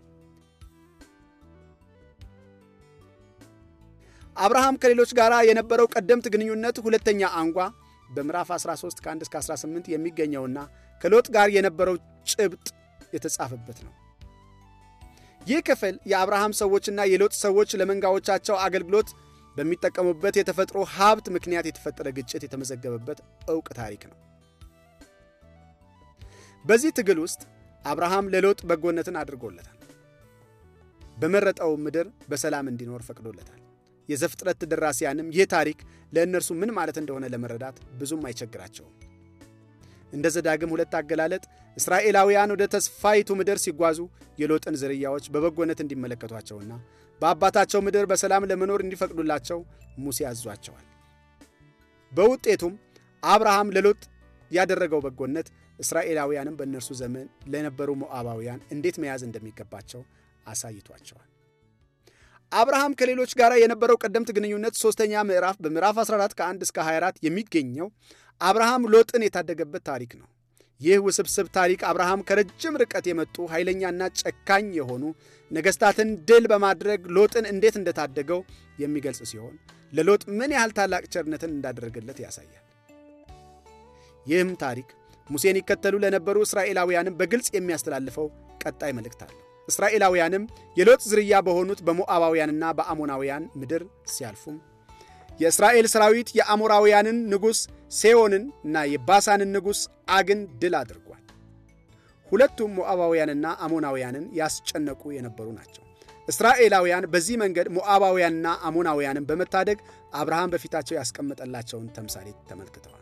አብርሃም ከሌሎች ጋር የነበረው ቀደምት ግንኙነት ሁለተኛ አንጓ በምዕራፍ 13 ከ1 እስከ 18 የሚገኘውና ከሎጥ ጋር የነበረው ጭብጥ የተጻፈበት ነው። ይህ ክፍል የአብርሃም ሰዎችና የሎጥ ሰዎች ለመንጋዎቻቸው አገልግሎት በሚጠቀሙበት የተፈጥሮ ሀብት ምክንያት የተፈጠረ ግጭት የተመዘገበበት እውቅ ታሪክ ነው። በዚህ ትግል ውስጥ አብርሃም ለሎጥ በጎነትን አድርጎለታል። በመረጠው ምድር በሰላም እንዲኖር ፈቅዶለታል። የዘፍጥረት ተደራሲያንም ይህ ታሪክ ለእነርሱ ምን ማለት እንደሆነ ለመረዳት ብዙም አይቸግራቸውም። እንደ ዘዳግም ሁለት አገላለጥ እስራኤላውያን ወደ ተስፋይቱ ምድር ሲጓዙ የሎጥን ዝርያዎች በበጎነት እንዲመለከቷቸውና በአባታቸው ምድር በሰላም ለመኖር እንዲፈቅዱላቸው ሙሴ አዟቸዋል። በውጤቱም አብርሃም ለሎጥ ያደረገው በጎነት እስራኤላውያንም በእነርሱ ዘመን ለነበሩ ሞዓባውያን እንዴት መያዝ እንደሚገባቸው አሳይቷቸዋል። አብርሃም ከሌሎች ጋር የነበረው ቀደምት ግንኙነት ሦስተኛ ምዕራፍ በምዕራፍ 14 ከ1 እስከ 24 የሚገኘው አብርሃም ሎጥን የታደገበት ታሪክ ነው። ይህ ውስብስብ ታሪክ አብርሃም ከረጅም ርቀት የመጡ ኃይለኛና ጨካኝ የሆኑ ነገሥታትን ድል በማድረግ ሎጥን እንዴት እንደታደገው የሚገልጽ ሲሆን ለሎጥ ምን ያህል ታላቅ ቸርነትን እንዳደረገለት ያሳያል። ይህም ታሪክ ሙሴን ይከተሉ ለነበሩ እስራኤላውያንም በግልጽ የሚያስተላልፈው ቀጣይ መልእክት አለው። እስራኤላውያንም የሎጥ ዝርያ በሆኑት በሞዓባውያንና በአሞናውያን ምድር ሲያልፉም የእስራኤል ሰራዊት የአሞራውያንን ንጉሥ ሴዮንን እና የባሳንን ንጉሥ አግን ድል አድርጓል። ሁለቱም ሞዓባውያንና አሞናውያንን ያስጨነቁ የነበሩ ናቸው። እስራኤላውያን በዚህ መንገድ ሞዓባውያንና አሞናውያንን በመታደግ አብርሃም በፊታቸው ያስቀመጠላቸውን ተምሳሌት ተመልክተዋል።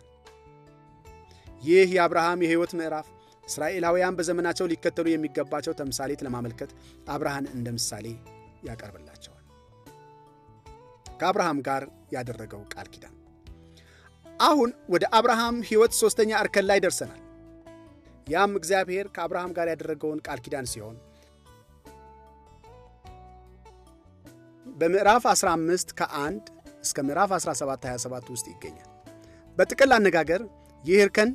ይህ የአብርሃም የሕይወት ምዕራፍ እስራኤላውያን በዘመናቸው ሊከተሉ የሚገባቸው ተምሳሌት ለማመልከት አብርሃን እንደ ምሳሌ ያቀርብላል። ከአብርሃም ጋር ያደረገው ቃል ኪዳን። አሁን ወደ አብርሃም ሕይወት ሦስተኛ እርከን ላይ ደርሰናል። ያም እግዚአብሔር ከአብርሃም ጋር ያደረገውን ቃል ኪዳን ሲሆን በምዕራፍ 15 ከ1 እስከ ምዕራፍ 17 27 ውስጥ ይገኛል። በጥቅል አነጋገር ይህ እርከን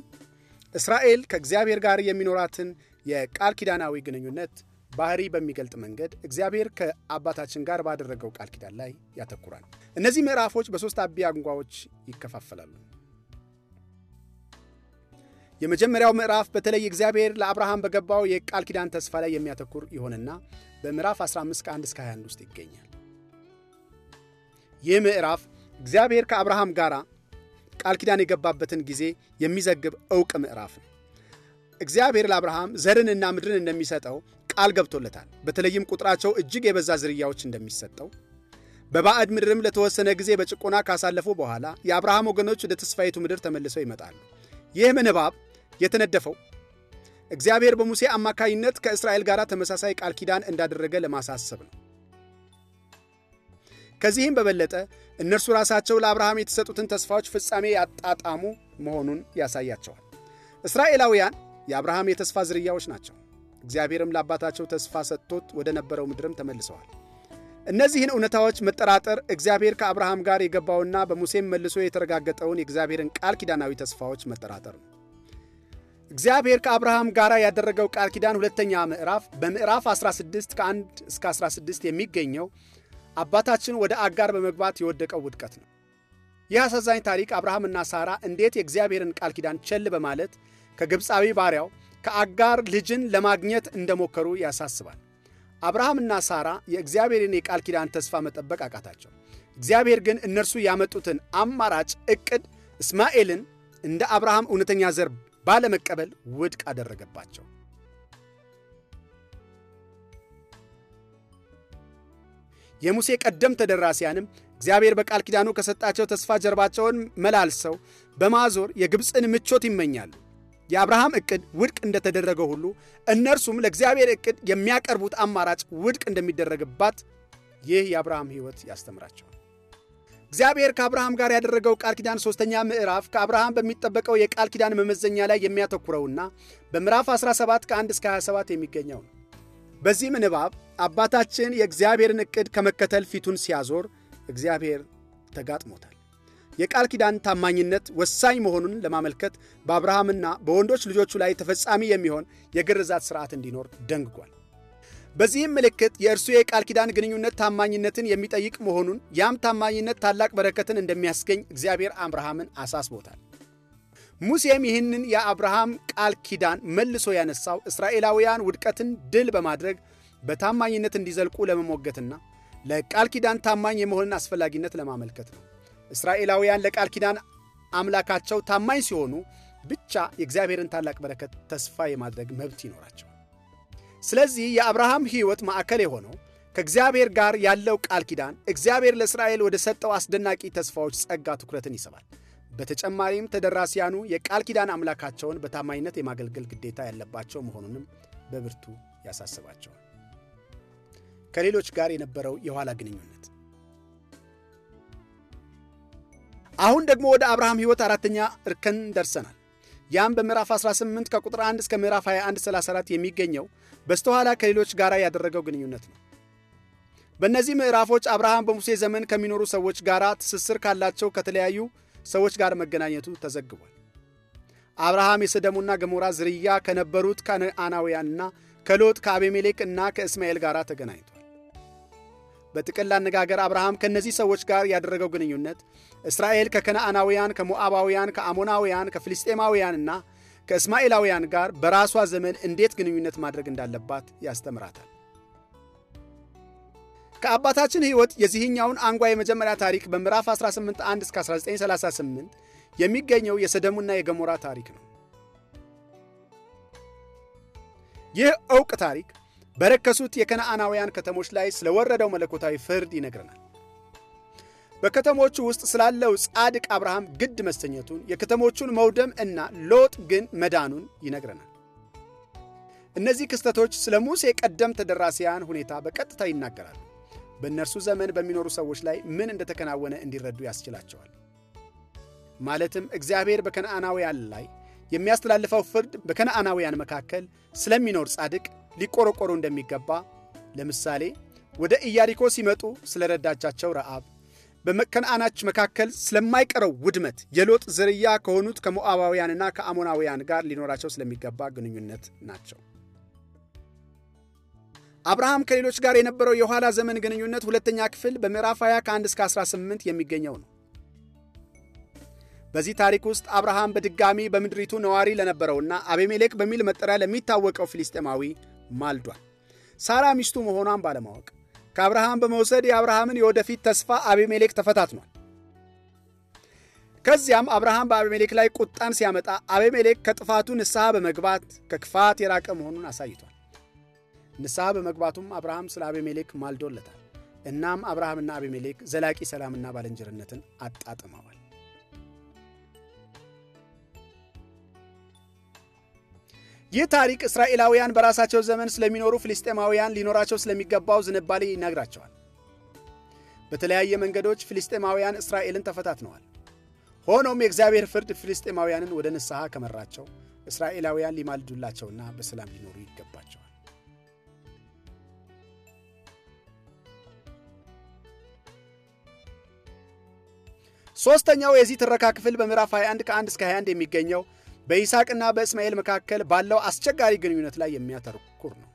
እስራኤል ከእግዚአብሔር ጋር የሚኖራትን የቃል ኪዳናዊ ግንኙነት ባህሪ በሚገልጥ መንገድ እግዚአብሔር ከአባታችን ጋር ባደረገው ቃል ኪዳን ላይ ያተኩራል። እነዚህ ምዕራፎች በሦስት አቢ አንጓዎች ይከፋፈላሉ። የመጀመሪያው ምዕራፍ በተለይ እግዚአብሔር ለአብርሃም በገባው የቃል ኪዳን ተስፋ ላይ የሚያተኩር ይሆንና በምዕራፍ 15 ከ1 እስከ 21 ውስጥ ይገኛል። ይህ ምዕራፍ እግዚአብሔር ከአብርሃም ጋር ቃል ኪዳን የገባበትን ጊዜ የሚዘግብ ዕውቅ ምዕራፍ ነው። እግዚአብሔር ለአብርሃም ዘርንና ምድርን እንደሚሰጠው ቃል ገብቶለታል። በተለይም ቁጥራቸው እጅግ የበዛ ዝርያዎች እንደሚሰጠው በባዕድ ምድርም ለተወሰነ ጊዜ በጭቆና ካሳለፉ በኋላ የአብርሃም ወገኖች ወደ ተስፋይቱ ምድር ተመልሰው ይመጣሉ። ይህ ምንባብ የተነደፈው እግዚአብሔር በሙሴ አማካይነት ከእስራኤል ጋር ተመሳሳይ ቃል ኪዳን እንዳደረገ ለማሳሰብ ነው። ከዚህም በበለጠ እነርሱ ራሳቸው ለአብርሃም የተሰጡትን ተስፋዎች ፍጻሜ ያጣጣሙ መሆኑን ያሳያቸዋል። እስራኤላውያን የአብርሃም የተስፋ ዝርያዎች ናቸው። እግዚአብሔርም ለአባታቸው ተስፋ ሰጥቶት ወደ ነበረው ምድርም ተመልሰዋል። እነዚህን እውነታዎች መጠራጠር እግዚአብሔር ከአብርሃም ጋር የገባውና በሙሴም መልሶ የተረጋገጠውን የእግዚአብሔርን ቃል ኪዳናዊ ተስፋዎች መጠራጠር ነው። እግዚአብሔር ከአብርሃም ጋር ያደረገው ቃል ኪዳን ሁለተኛ ምዕራፍ በምዕራፍ 16 ከ1 እስከ 16 የሚገኘው አባታችን ወደ አጋር በመግባት የወደቀው ውድቀት ነው። ይህ አሳዛኝ ታሪክ አብርሃምና ሳራ እንዴት የእግዚአብሔርን ቃል ኪዳን ቸል በማለት ከግብፃዊ ባሪያው ከአጋር ልጅን ለማግኘት እንደሞከሩ ያሳስባል። አብርሃምና ሳራ የእግዚአብሔርን የቃል ኪዳን ተስፋ መጠበቅ አቃታቸው። እግዚአብሔር ግን እነርሱ ያመጡትን አማራጭ ዕቅድ እስማኤልን እንደ አብርሃም እውነተኛ ዘር ባለመቀበል ውድቅ አደረገባቸው። የሙሴ ቀደም ተደራሲያንም እግዚአብሔር በቃል ኪዳኑ ከሰጣቸው ተስፋ ጀርባቸውን መላልሰው በማዞር የግብፅን ምቾት ይመኛሉ። የአብርሃም እቅድ ውድቅ እንደተደረገ ሁሉ እነርሱም ለእግዚአብሔር እቅድ የሚያቀርቡት አማራጭ ውድቅ እንደሚደረግባት ይህ የአብርሃም ሕይወት ያስተምራቸዋል። እግዚአብሔር ከአብርሃም ጋር ያደረገው ቃል ኪዳን ሦስተኛ ምዕራፍ ከአብርሃም በሚጠበቀው የቃል ኪዳን መመዘኛ ላይ የሚያተኩረውና በምዕራፍ 17 ከ1 እስከ 27 የሚገኘው ነው። በዚህም ንባብ አባታችን የእግዚአብሔርን እቅድ ከመከተል ፊቱን ሲያዞር እግዚአብሔር ተጋጥሞታል። የቃል ኪዳን ታማኝነት ወሳኝ መሆኑን ለማመልከት በአብርሃምና በወንዶች ልጆቹ ላይ ተፈጻሚ የሚሆን የግርዛት ስርዓት እንዲኖር ደንግጓል። በዚህም ምልክት የእርሱ የቃል ኪዳን ግንኙነት ታማኝነትን የሚጠይቅ መሆኑን ያም ታማኝነት ታላቅ በረከትን እንደሚያስገኝ እግዚአብሔር አብርሃምን አሳስቦታል። ሙሴም ይህንን የአብርሃም ቃል ኪዳን መልሶ ያነሳው እስራኤላውያን ውድቀትን ድል በማድረግ በታማኝነት እንዲዘልቁ ለመሞገትና ለቃል ኪዳን ታማኝ የመሆንን አስፈላጊነት ለማመልከት ነው። እስራኤላውያን ለቃል ኪዳን አምላካቸው ታማኝ ሲሆኑ ብቻ የእግዚአብሔርን ታላቅ በረከት ተስፋ የማድረግ መብት ይኖራቸው። ስለዚህ የአብርሃም ሕይወት ማዕከል የሆነው ከእግዚአብሔር ጋር ያለው ቃል ኪዳን እግዚአብሔር ለእስራኤል ወደ ሰጠው አስደናቂ ተስፋዎች ጸጋ ትኩረትን ይስባል። በተጨማሪም ተደራሲያኑ የቃል ኪዳን አምላካቸውን በታማኝነት የማገልገል ግዴታ ያለባቸው መሆኑንም በብርቱ ያሳስባቸዋል። ከሌሎች ጋር የነበረው የኋላ ግንኙነት አሁን ደግሞ ወደ አብርሃም ሕይወት አራተኛ እርከን ደርሰናል። ያም በምዕራፍ 18 ከቁጥር 1 እስከ ምዕራፍ 21 34 የሚገኘው በስተኋላ ከሌሎች ጋር ያደረገው ግንኙነት ነው። በእነዚህ ምዕራፎች አብርሃም በሙሴ ዘመን ከሚኖሩ ሰዎች ጋር ትስስር ካላቸው ከተለያዩ ሰዎች ጋር መገናኘቱ ተዘግቧል። አብርሃም የሰደሙና ገሞራ ዝርያ ከነበሩት ከነአናውያንና ከሎጥ ከአቤሜሌክ እና ከእስማኤል ጋር ተገናኝቷል። በጥቅል አነጋገር አብርሃም ከእነዚህ ሰዎች ጋር ያደረገው ግንኙነት እስራኤል ከከነአናውያን፣ ከሞዓባውያን፣ ከአሞናውያን፣ ከፍልስጤማውያንና ከእስማኤላውያን ጋር በራሷ ዘመን እንዴት ግንኙነት ማድረግ እንዳለባት ያስተምራታል። ከአባታችን ሕይወት የዚህኛውን አንጓ የመጀመሪያ ታሪክ በምዕራፍ 1 እስከ 1938 የሚገኘው የሰደሙና የገሞራ ታሪክ ነው። ይህ ዕውቅ ታሪክ በረከሱት የከነዓናውያን ከተሞች ላይ ስለወረደው መለኮታዊ ፍርድ ይነግረናል። በከተሞቹ ውስጥ ስላለው ጻድቅ አብርሃም ግድ መሰኘቱን፣ የከተሞቹን መውደም እና ሎጥ ግን መዳኑን ይነግረናል። እነዚህ ክስተቶች ስለ ሙሴ ቀደም ተደራሲያን ሁኔታ በቀጥታ ይናገራሉ። በእነርሱ ዘመን በሚኖሩ ሰዎች ላይ ምን እንደተከናወነ እንዲረዱ ያስችላቸዋል። ማለትም እግዚአብሔር በከነዓናውያን ላይ የሚያስተላልፈው ፍርድ በከነዓናውያን መካከል ስለሚኖር ጻድቅ ሊቆረቆሩ እንደሚገባ ለምሳሌ ወደ ኢያሪኮ ሲመጡ ስለረዳቻቸው ረአብ በከነዓናች መካከል ስለማይቀረው ውድመት፣ የሎጥ ዝርያ ከሆኑት ከሞዓባውያንና ከአሞናውያን ጋር ሊኖራቸው ስለሚገባ ግንኙነት ናቸው። አብርሃም ከሌሎች ጋር የነበረው የኋላ ዘመን ግንኙነት ሁለተኛ ክፍል በምዕራፍ 20 ከ1 እስከ 18 የሚገኘው ነው። በዚህ ታሪክ ውስጥ አብርሃም በድጋሚ በምድሪቱ ነዋሪ ለነበረውና አቤሜሌክ በሚል መጠሪያ ለሚታወቀው ፊልስጤማዊ ማልዷል። ሳራ ሚስቱ መሆኗን ባለማወቅ ከአብርሃም በመውሰድ የአብርሃምን የወደፊት ተስፋ አቤሜሌክ ተፈታትኗል። ከዚያም አብርሃም በአቢሜሌክ ላይ ቁጣን ሲያመጣ አቤሜሌክ ከጥፋቱ ንስሐ በመግባት ከክፋት የራቀ መሆኑን አሳይቷል። ንስሐ በመግባቱም አብርሃም ስለ አቤሜሌክ ማልዶለታል። እናም አብርሃምና አቤሜሌክ ዘላቂ ሰላምና ባልንጀርነትን አጣጥመዋል። ይህ ታሪክ እስራኤላውያን በራሳቸው ዘመን ስለሚኖሩ ፍልስጤማውያን ሊኖራቸው ስለሚገባው ዝንባሌ ይነግራቸዋል። በተለያየ መንገዶች ፍልስጤማውያን እስራኤልን ተፈታትነዋል። ሆኖም የእግዚአብሔር ፍርድ ፍልስጤማውያንን ወደ ንስሐ ከመራቸው እስራኤላውያን ሊማልዱላቸውና በሰላም ሊኖሩ ይገባቸዋል። ሦስተኛው የዚህ ትረካ ክፍል በምዕራፍ 21 ከ1 እስከ 21 የሚገኘው በይስሐቅና በእስማኤል መካከል ባለው አስቸጋሪ ግንኙነት ላይ የሚያተኩር ነው።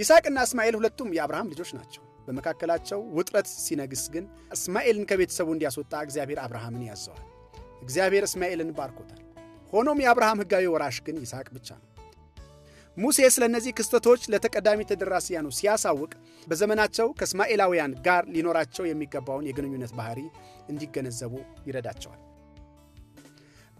ይስሐቅና እስማኤል ሁለቱም የአብርሃም ልጆች ናቸው። በመካከላቸው ውጥረት ሲነግስ ግን እስማኤልን ከቤተሰቡ እንዲያስወጣ እግዚአብሔር አብርሃምን ያዘዋል። እግዚአብሔር እስማኤልን ባርኮታል። ሆኖም የአብርሃም ሕጋዊ ወራሽ ግን ይስሐቅ ብቻ ነው። ሙሴ ስለ እነዚህ ክስተቶች ለተቀዳሚ ተደራሲያኑ ሲያሳውቅ በዘመናቸው ከእስማኤላውያን ጋር ሊኖራቸው የሚገባውን የግንኙነት ባህሪ እንዲገነዘቡ ይረዳቸዋል።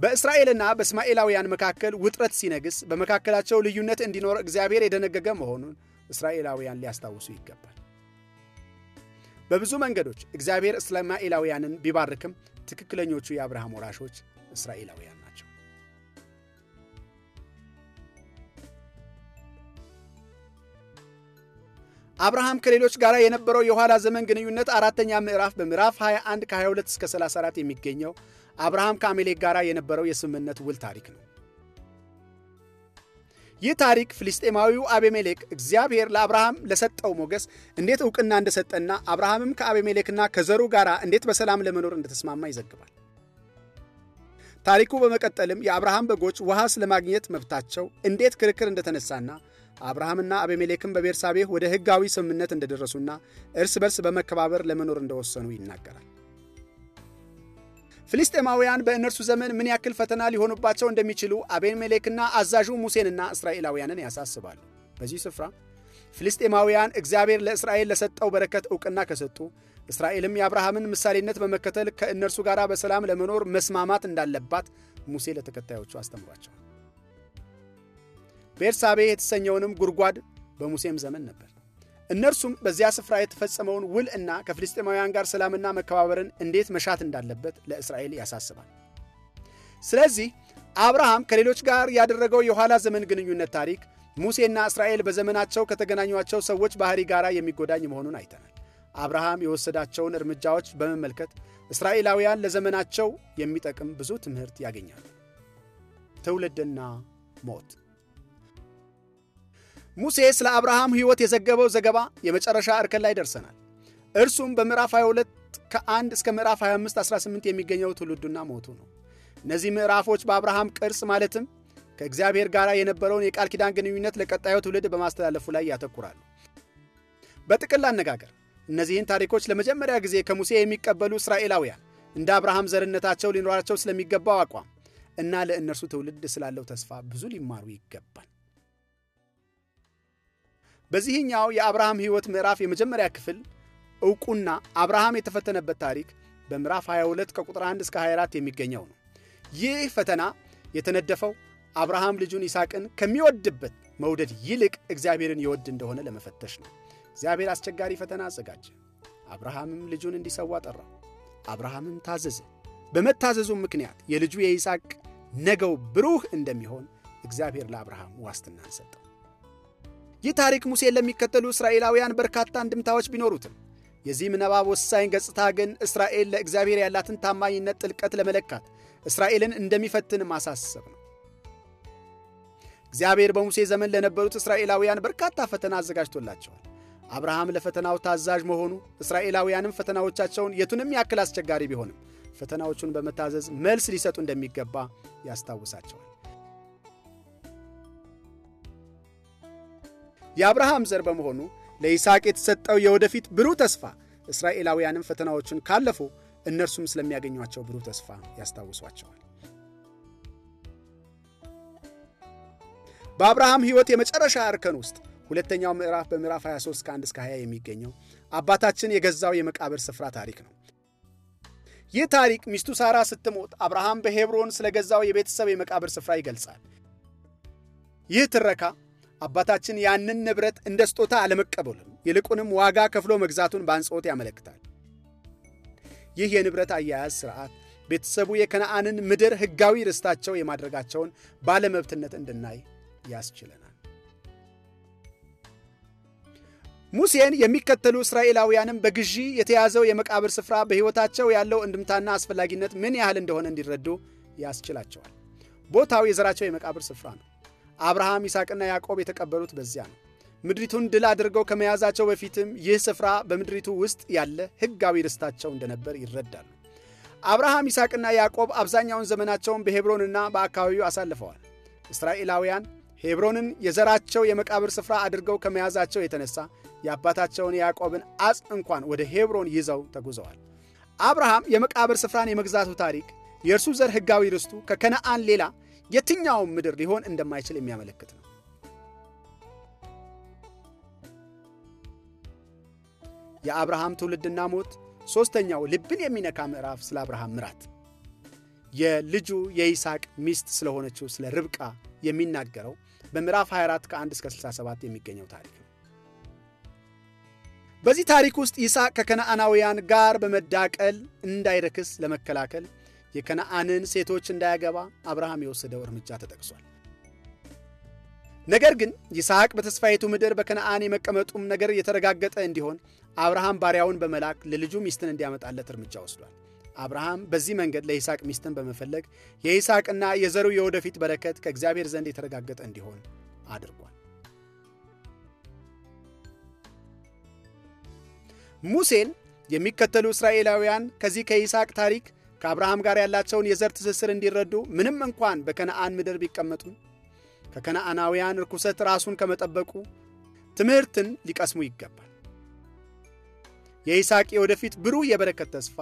በእስራኤልና በእስማኤላውያን መካከል ውጥረት ሲነግስ በመካከላቸው ልዩነት እንዲኖር እግዚአብሔር የደነገገ መሆኑን እስራኤላውያን ሊያስታውሱ ይገባል። በብዙ መንገዶች እግዚአብሔር እስማኤላውያንን ቢባርክም ትክክለኞቹ የአብርሃም ወራሾች እስራኤላውያን ናቸው። አብርሃም ከሌሎች ጋር የነበረው የኋላ ዘመን ግንኙነት አራተኛ ምዕራፍ በምዕራፍ 21 ከ22 እስከ 34 የሚገኘው አብርሃም ከአሜሌክ ጋር የነበረው የስምምነት ውል ታሪክ ነው። ይህ ታሪክ ፍልስጤማዊው አቤሜሌክ እግዚአብሔር ለአብርሃም ለሰጠው ሞገስ እንዴት እውቅና እንደሰጠና አብርሃምም ከአቤሜሌክና ከዘሩ ጋር እንዴት በሰላም ለመኖር እንደተስማማ ይዘግባል። ታሪኩ በመቀጠልም የአብርሃም በጎች ውሃስ ለማግኘት መብታቸው እንዴት ክርክር እንደተነሳና አብርሃምና አቤሜሌክም በቤርሳቤህ ወደ ሕጋዊ ስምምነት እንደደረሱና እርስ በርስ በመከባበር ለመኖር እንደወሰኑ ይናገራል። ፍልስጤማውያን በእነርሱ ዘመን ምን ያክል ፈተና ሊሆኑባቸው እንደሚችሉ ሜሌክና አዛዡ ሙሴንና እስራኤላውያንን ያሳስባሉ። በዚህ ስፍራ ፍልስጤማውያን እግዚአብሔር ለእስራኤል ለሰጠው በረከት ዕውቅና ከሰጡ፣ እስራኤልም የአብርሃምን ምሳሌነት በመከተል ከእነርሱ ጋር በሰላም ለመኖር መስማማት እንዳለባት ሙሴ ለተከታዮቹ አስተምሯቸዋል። ቤርሳቤ የተሰኘውንም ጉድጓድ በሙሴም ዘመን ነበር። እነርሱም በዚያ ስፍራ የተፈጸመውን ውል እና ከፍልስጤማውያን ጋር ሰላምና መከባበርን እንዴት መሻት እንዳለበት ለእስራኤል ያሳስባል። ስለዚህ አብርሃም ከሌሎች ጋር ያደረገው የኋላ ዘመን ግንኙነት ታሪክ ሙሴና እስራኤል በዘመናቸው ከተገናኟቸው ሰዎች ባህሪ ጋር የሚጎዳኝ መሆኑን አይተናል። አብርሃም የወሰዳቸውን እርምጃዎች በመመልከት እስራኤላውያን ለዘመናቸው የሚጠቅም ብዙ ትምህርት ያገኛሉ። ትውልድና ሞት ሙሴ ስለ አብርሃም ሕይወት የዘገበው ዘገባ የመጨረሻ እርከን ላይ ደርሰናል። እርሱም በምዕራፍ 22 ከ1 እስከ ምዕራፍ 25 18 የሚገኘው ትውልዱና ሞቱ ነው። እነዚህ ምዕራፎች በአብርሃም ቅርጽ ማለትም ከእግዚአብሔር ጋር የነበረውን የቃል ኪዳን ግንኙነት ለቀጣዩ ትውልድ በማስተላለፉ ላይ ያተኩራሉ። በጥቅል አነጋገር እነዚህን ታሪኮች ለመጀመሪያ ጊዜ ከሙሴ የሚቀበሉ እስራኤላውያን እንደ አብርሃም ዘርነታቸው ሊኖራቸው ስለሚገባው አቋም እና ለእነርሱ ትውልድ ስላለው ተስፋ ብዙ ሊማሩ ይገባል። በዚህኛው የአብርሃም ሕይወት ምዕራፍ የመጀመሪያ ክፍል ዕውቁና አብርሃም የተፈተነበት ታሪክ በምዕራፍ 22 ከቁጥር 1 እስከ 24 የሚገኘው ነው። ይህ ፈተና የተነደፈው አብርሃም ልጁን ይስሐቅን ከሚወድበት መውደድ ይልቅ እግዚአብሔርን ይወድ እንደሆነ ለመፈተሽ ነው። እግዚአብሔር አስቸጋሪ ፈተና አዘጋጀ። አብርሃምም ልጁን እንዲሰዋ ጠራው። አብርሃምም ታዘዘ። በመታዘዙ ምክንያት የልጁ የይስሐቅ ነገው ብሩህ እንደሚሆን እግዚአብሔር ለአብርሃም ዋስትናን ሰጠው። ይህ ታሪክ ሙሴን ለሚከተሉ እስራኤላውያን በርካታ አንድምታዎች ቢኖሩትም የዚህም ነባብ ወሳኝ ገጽታ ግን እስራኤል ለእግዚአብሔር ያላትን ታማኝነት ጥልቀት ለመለካት እስራኤልን እንደሚፈትን ማሳሰብ ነው። እግዚአብሔር በሙሴ ዘመን ለነበሩት እስራኤላውያን በርካታ ፈተና አዘጋጅቶላቸዋል። አብርሃም ለፈተናው ታዛዥ መሆኑ፣ እስራኤላውያንም ፈተናዎቻቸውን የቱንም ያክል አስቸጋሪ ቢሆንም ፈተናዎቹን በመታዘዝ መልስ ሊሰጡ እንደሚገባ ያስታውሳቸዋል። የአብርሃም ዘር በመሆኑ ለይስሐቅ የተሰጠው የወደፊት ብሩህ ተስፋ እስራኤላውያንም ፈተናዎቹን ካለፉ እነርሱም ስለሚያገኟቸው ብሩህ ተስፋ ያስታውሷቸዋል። በአብርሃም ሕይወት የመጨረሻ እርከን ውስጥ ሁለተኛው ምዕራፍ በምዕራፍ 23 ከ1 እስከ 20 የሚገኘው አባታችን የገዛው የመቃብር ስፍራ ታሪክ ነው። ይህ ታሪክ ሚስቱ ሳራ ስትሞት አብርሃም በሄብሮን ስለገዛው የቤተሰብ የመቃብር ስፍራ ይገልጻል። ይህ ትረካ አባታችን ያንን ንብረት እንደ ስጦታ አለመቀበሉን ይልቁንም ዋጋ ከፍሎ መግዛቱን በአንጽኦት ያመለክታል። ይህ የንብረት አያያዝ ስርዓት ቤተሰቡ የከነአንን ምድር ሕጋዊ ርስታቸው የማድረጋቸውን ባለመብትነት እንድናይ ያስችለናል። ሙሴን የሚከተሉ እስራኤላውያንም በግዢ የተያዘው የመቃብር ስፍራ በሕይወታቸው ያለው እንድምታና አስፈላጊነት ምን ያህል እንደሆነ እንዲረዱ ያስችላቸዋል። ቦታው የዘራቸው የመቃብር ስፍራ ነው። አብርሃም ይስሐቅና ያዕቆብ የተቀበሉት በዚያ ነው። ምድሪቱን ድል አድርገው ከመያዛቸው በፊትም ይህ ስፍራ በምድሪቱ ውስጥ ያለ ሕጋዊ ርስታቸው እንደነበር ይረዳሉ። አብርሃም ይስሐቅና ያዕቆብ አብዛኛውን ዘመናቸውን በሄብሮንና በአካባቢው አሳልፈዋል። እስራኤላውያን ሄብሮንን የዘራቸው የመቃብር ስፍራ አድርገው ከመያዛቸው የተነሳ የአባታቸውን የያዕቆብን አጽ እንኳን ወደ ሄብሮን ይዘው ተጉዘዋል። አብርሃም የመቃብር ስፍራን የመግዛቱ ታሪክ የእርሱ ዘር ሕጋዊ ርስቱ ከከነአን ሌላ የትኛውም ምድር ሊሆን እንደማይችል የሚያመለክት ነው። የአብርሃም ትውልድና ሞት ሦስተኛው ልብን የሚነካ ምዕራፍ ስለ አብርሃም ምራት የልጁ የይስቅ ሚስት ስለሆነችው ስለ ርብቃ የሚናገረው በምዕራፍ 24 ከ1 እስከ 67 የሚገኘው ታሪክ ነው። በዚህ ታሪክ ውስጥ ይስቅ ከከነአናውያን ጋር በመዳቀል እንዳይረክስ ለመከላከል የከነአንን ሴቶች እንዳያገባ አብርሃም የወሰደው እርምጃ ተጠቅሷል። ነገር ግን ይስሐቅ በተስፋይቱ ምድር በከነአን የመቀመጡም ነገር የተረጋገጠ እንዲሆን አብርሃም ባሪያውን በመላክ ለልጁ ሚስትን እንዲያመጣለት እርምጃ ወስዷል። አብርሃም በዚህ መንገድ ለይስሐቅ ሚስትን በመፈለግ የይስሐቅና የዘሩ የወደፊት በረከት ከእግዚአብሔር ዘንድ የተረጋገጠ እንዲሆን አድርጓል። ሙሴን የሚከተሉ እስራኤላውያን ከዚህ ከይስሐቅ ታሪክ ከአብርሃም ጋር ያላቸውን የዘር ትስስር እንዲረዱ ምንም እንኳን በከነአን ምድር ቢቀመጡ ከከነአናውያን ርኩሰት ራሱን ከመጠበቁ ትምህርትን ሊቀስሙ ይገባል። የይስሐቅ የወደፊት ብሩህ የበረከት ተስፋ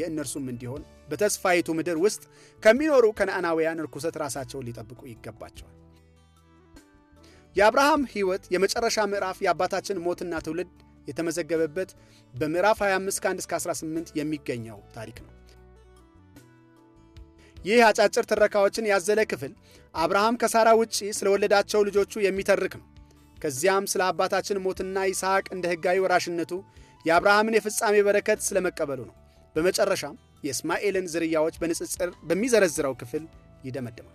የእነርሱም እንዲሆን በተስፋይቱ ምድር ውስጥ ከሚኖሩ ከነአናውያን ርኩሰት ራሳቸውን ሊጠብቁ ይገባቸዋል። የአብርሃም ሕይወት የመጨረሻ ምዕራፍ የአባታችን ሞትና ትውልድ የተመዘገበበት በምዕራፍ 25 ከ1 እስከ 18 የሚገኘው ታሪክ ነው። ይህ አጫጭር ትረካዎችን ያዘለ ክፍል አብርሃም ከሳራ ውጪ ስለወለዳቸው ልጆቹ የሚተርክ ነው። ከዚያም ስለ አባታችን ሞትና ይስሐቅ እንደ ሕጋዊ ወራሽነቱ የአብርሃምን የፍጻሜ በረከት ስለመቀበሉ ነው። በመጨረሻም የእስማኤልን ዝርያዎች በንጽጽር በሚዘረዝረው ክፍል ይደመድማል።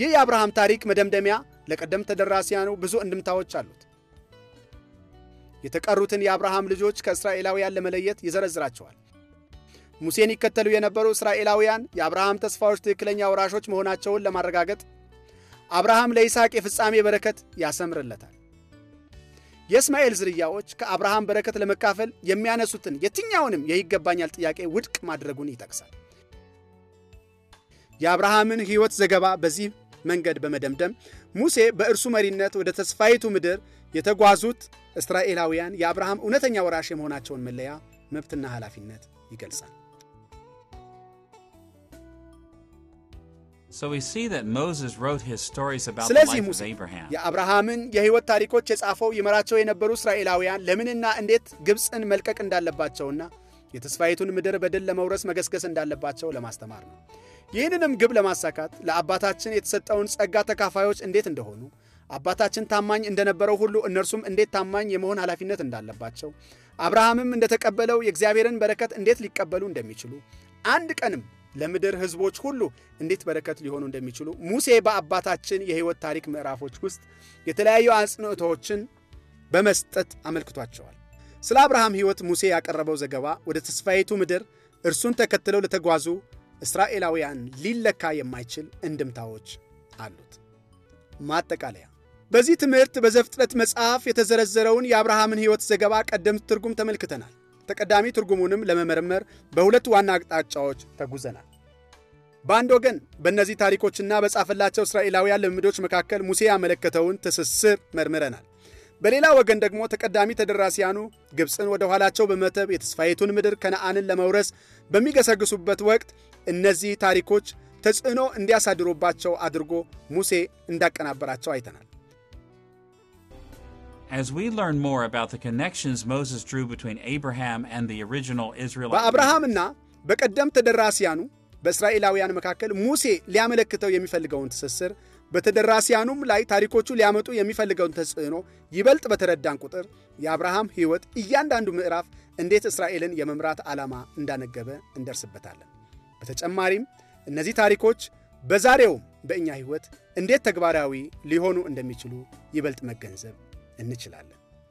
ይህ የአብርሃም ታሪክ መደምደሚያ ለቀደም ተደራሲያኑ ብዙ እንድምታዎች አሉት። የተቀሩትን የአብርሃም ልጆች ከእስራኤላውያን ለመለየት ይዘረዝራቸዋል። ሙሴን ይከተሉ የነበሩ እስራኤላውያን የአብርሃም ተስፋዎች ትክክለኛ ወራሾች መሆናቸውን ለማረጋገጥ አብርሃም ለይስሐቅ የፍጻሜ በረከት ያሰምርለታል። የእስማኤል ዝርያዎች ከአብርሃም በረከት ለመካፈል የሚያነሱትን የትኛውንም የይገባኛል ጥያቄ ውድቅ ማድረጉን ይጠቅሳል። የአብርሃምን ሕይወት ዘገባ በዚህ መንገድ በመደምደም ሙሴ በእርሱ መሪነት ወደ ተስፋይቱ ምድር የተጓዙት እስራኤላውያን የአብርሃም እውነተኛ ወራሽ የመሆናቸውን መለያ መብትና ኃላፊነት ይገልጻል። ስለዚህ ሙሴ የአብርሃምን የሕይወት ታሪኮች የጻፈው ይመራቸው የነበሩ እስራኤላውያን ለምንና እንዴት ግብፅን መልቀቅ እንዳለባቸውና የተስፋይቱን ምድር በድል ለመውረስ መገስገስ እንዳለባቸው ለማስተማር ነው። ይህንንም ግብ ለማሳካት ለአባታችን የተሰጠውን ጸጋ ተካፋዮች እንዴት እንደሆኑ አባታችን ታማኝ እንደነበረው ሁሉ እነርሱም እንዴት ታማኝ የመሆን ኃላፊነት እንዳለባቸው አብርሃምም እንደተቀበለው የእግዚአብሔርን በረከት እንዴት ሊቀበሉ እንደሚችሉ አንድ ቀንም ለምድር ህዝቦች ሁሉ እንዴት በረከት ሊሆኑ እንደሚችሉ ሙሴ በአባታችን የህይወት ታሪክ ምዕራፎች ውስጥ የተለያዩ አጽንዖቶችን በመስጠት አመልክቷቸዋል። ስለ አብርሃም ሕይወት ሙሴ ያቀረበው ዘገባ ወደ ተስፋይቱ ምድር እርሱን ተከትለው ለተጓዙ እስራኤላውያን ሊለካ የማይችል እንድምታዎች አሉት። ማጠቃለያ በዚህ ትምህርት በዘፍጥረት መጽሐፍ የተዘረዘረውን የአብርሃምን ሕይወት ዘገባ ቀደምት ትርጉም ተመልክተናል። ተቀዳሚ ትርጉሙንም ለመመርመር በሁለት ዋና አቅጣጫዎች ተጉዘናል። በአንድ ወገን በእነዚህ ታሪኮችና በጻፈላቸው እስራኤላውያን ልምዶች መካከል ሙሴ ያመለከተውን ትስስር መርምረናል። በሌላ ወገን ደግሞ ተቀዳሚ ተደራሲያኑ ግብፅን ወደ ኋላቸው በመተብ የተስፋይቱን ምድር ከነአንን ለመውረስ በሚገሰግሱበት ወቅት እነዚህ ታሪኮች ተጽዕኖ እንዲያሳድሩባቸው አድርጎ ሙሴ እንዳቀናበራቸው አይተናል። በአብርሃምና በቀደም ተደራሲያኑ በእስራኤላውያን መካከል ሙሴ ሊያመለክተው የሚፈልገውን ትስስር በተደራሲያኑም ላይ ታሪኮቹ ሊያመጡ የሚፈልገውን ተጽዕኖ ይበልጥ በተረዳን ቁጥር የአብርሃም ሕይወት እያንዳንዱ ምዕራፍ እንዴት እስራኤልን የመምራት ዓላማ እንዳነገበ እንደርስበታለን። በተጨማሪም እነዚህ ታሪኮች በዛሬውም በእኛ ሕይወት እንዴት ተግባራዊ ሊሆኑ እንደሚችሉ ይበልጥ መገንዘብ እንችላለን።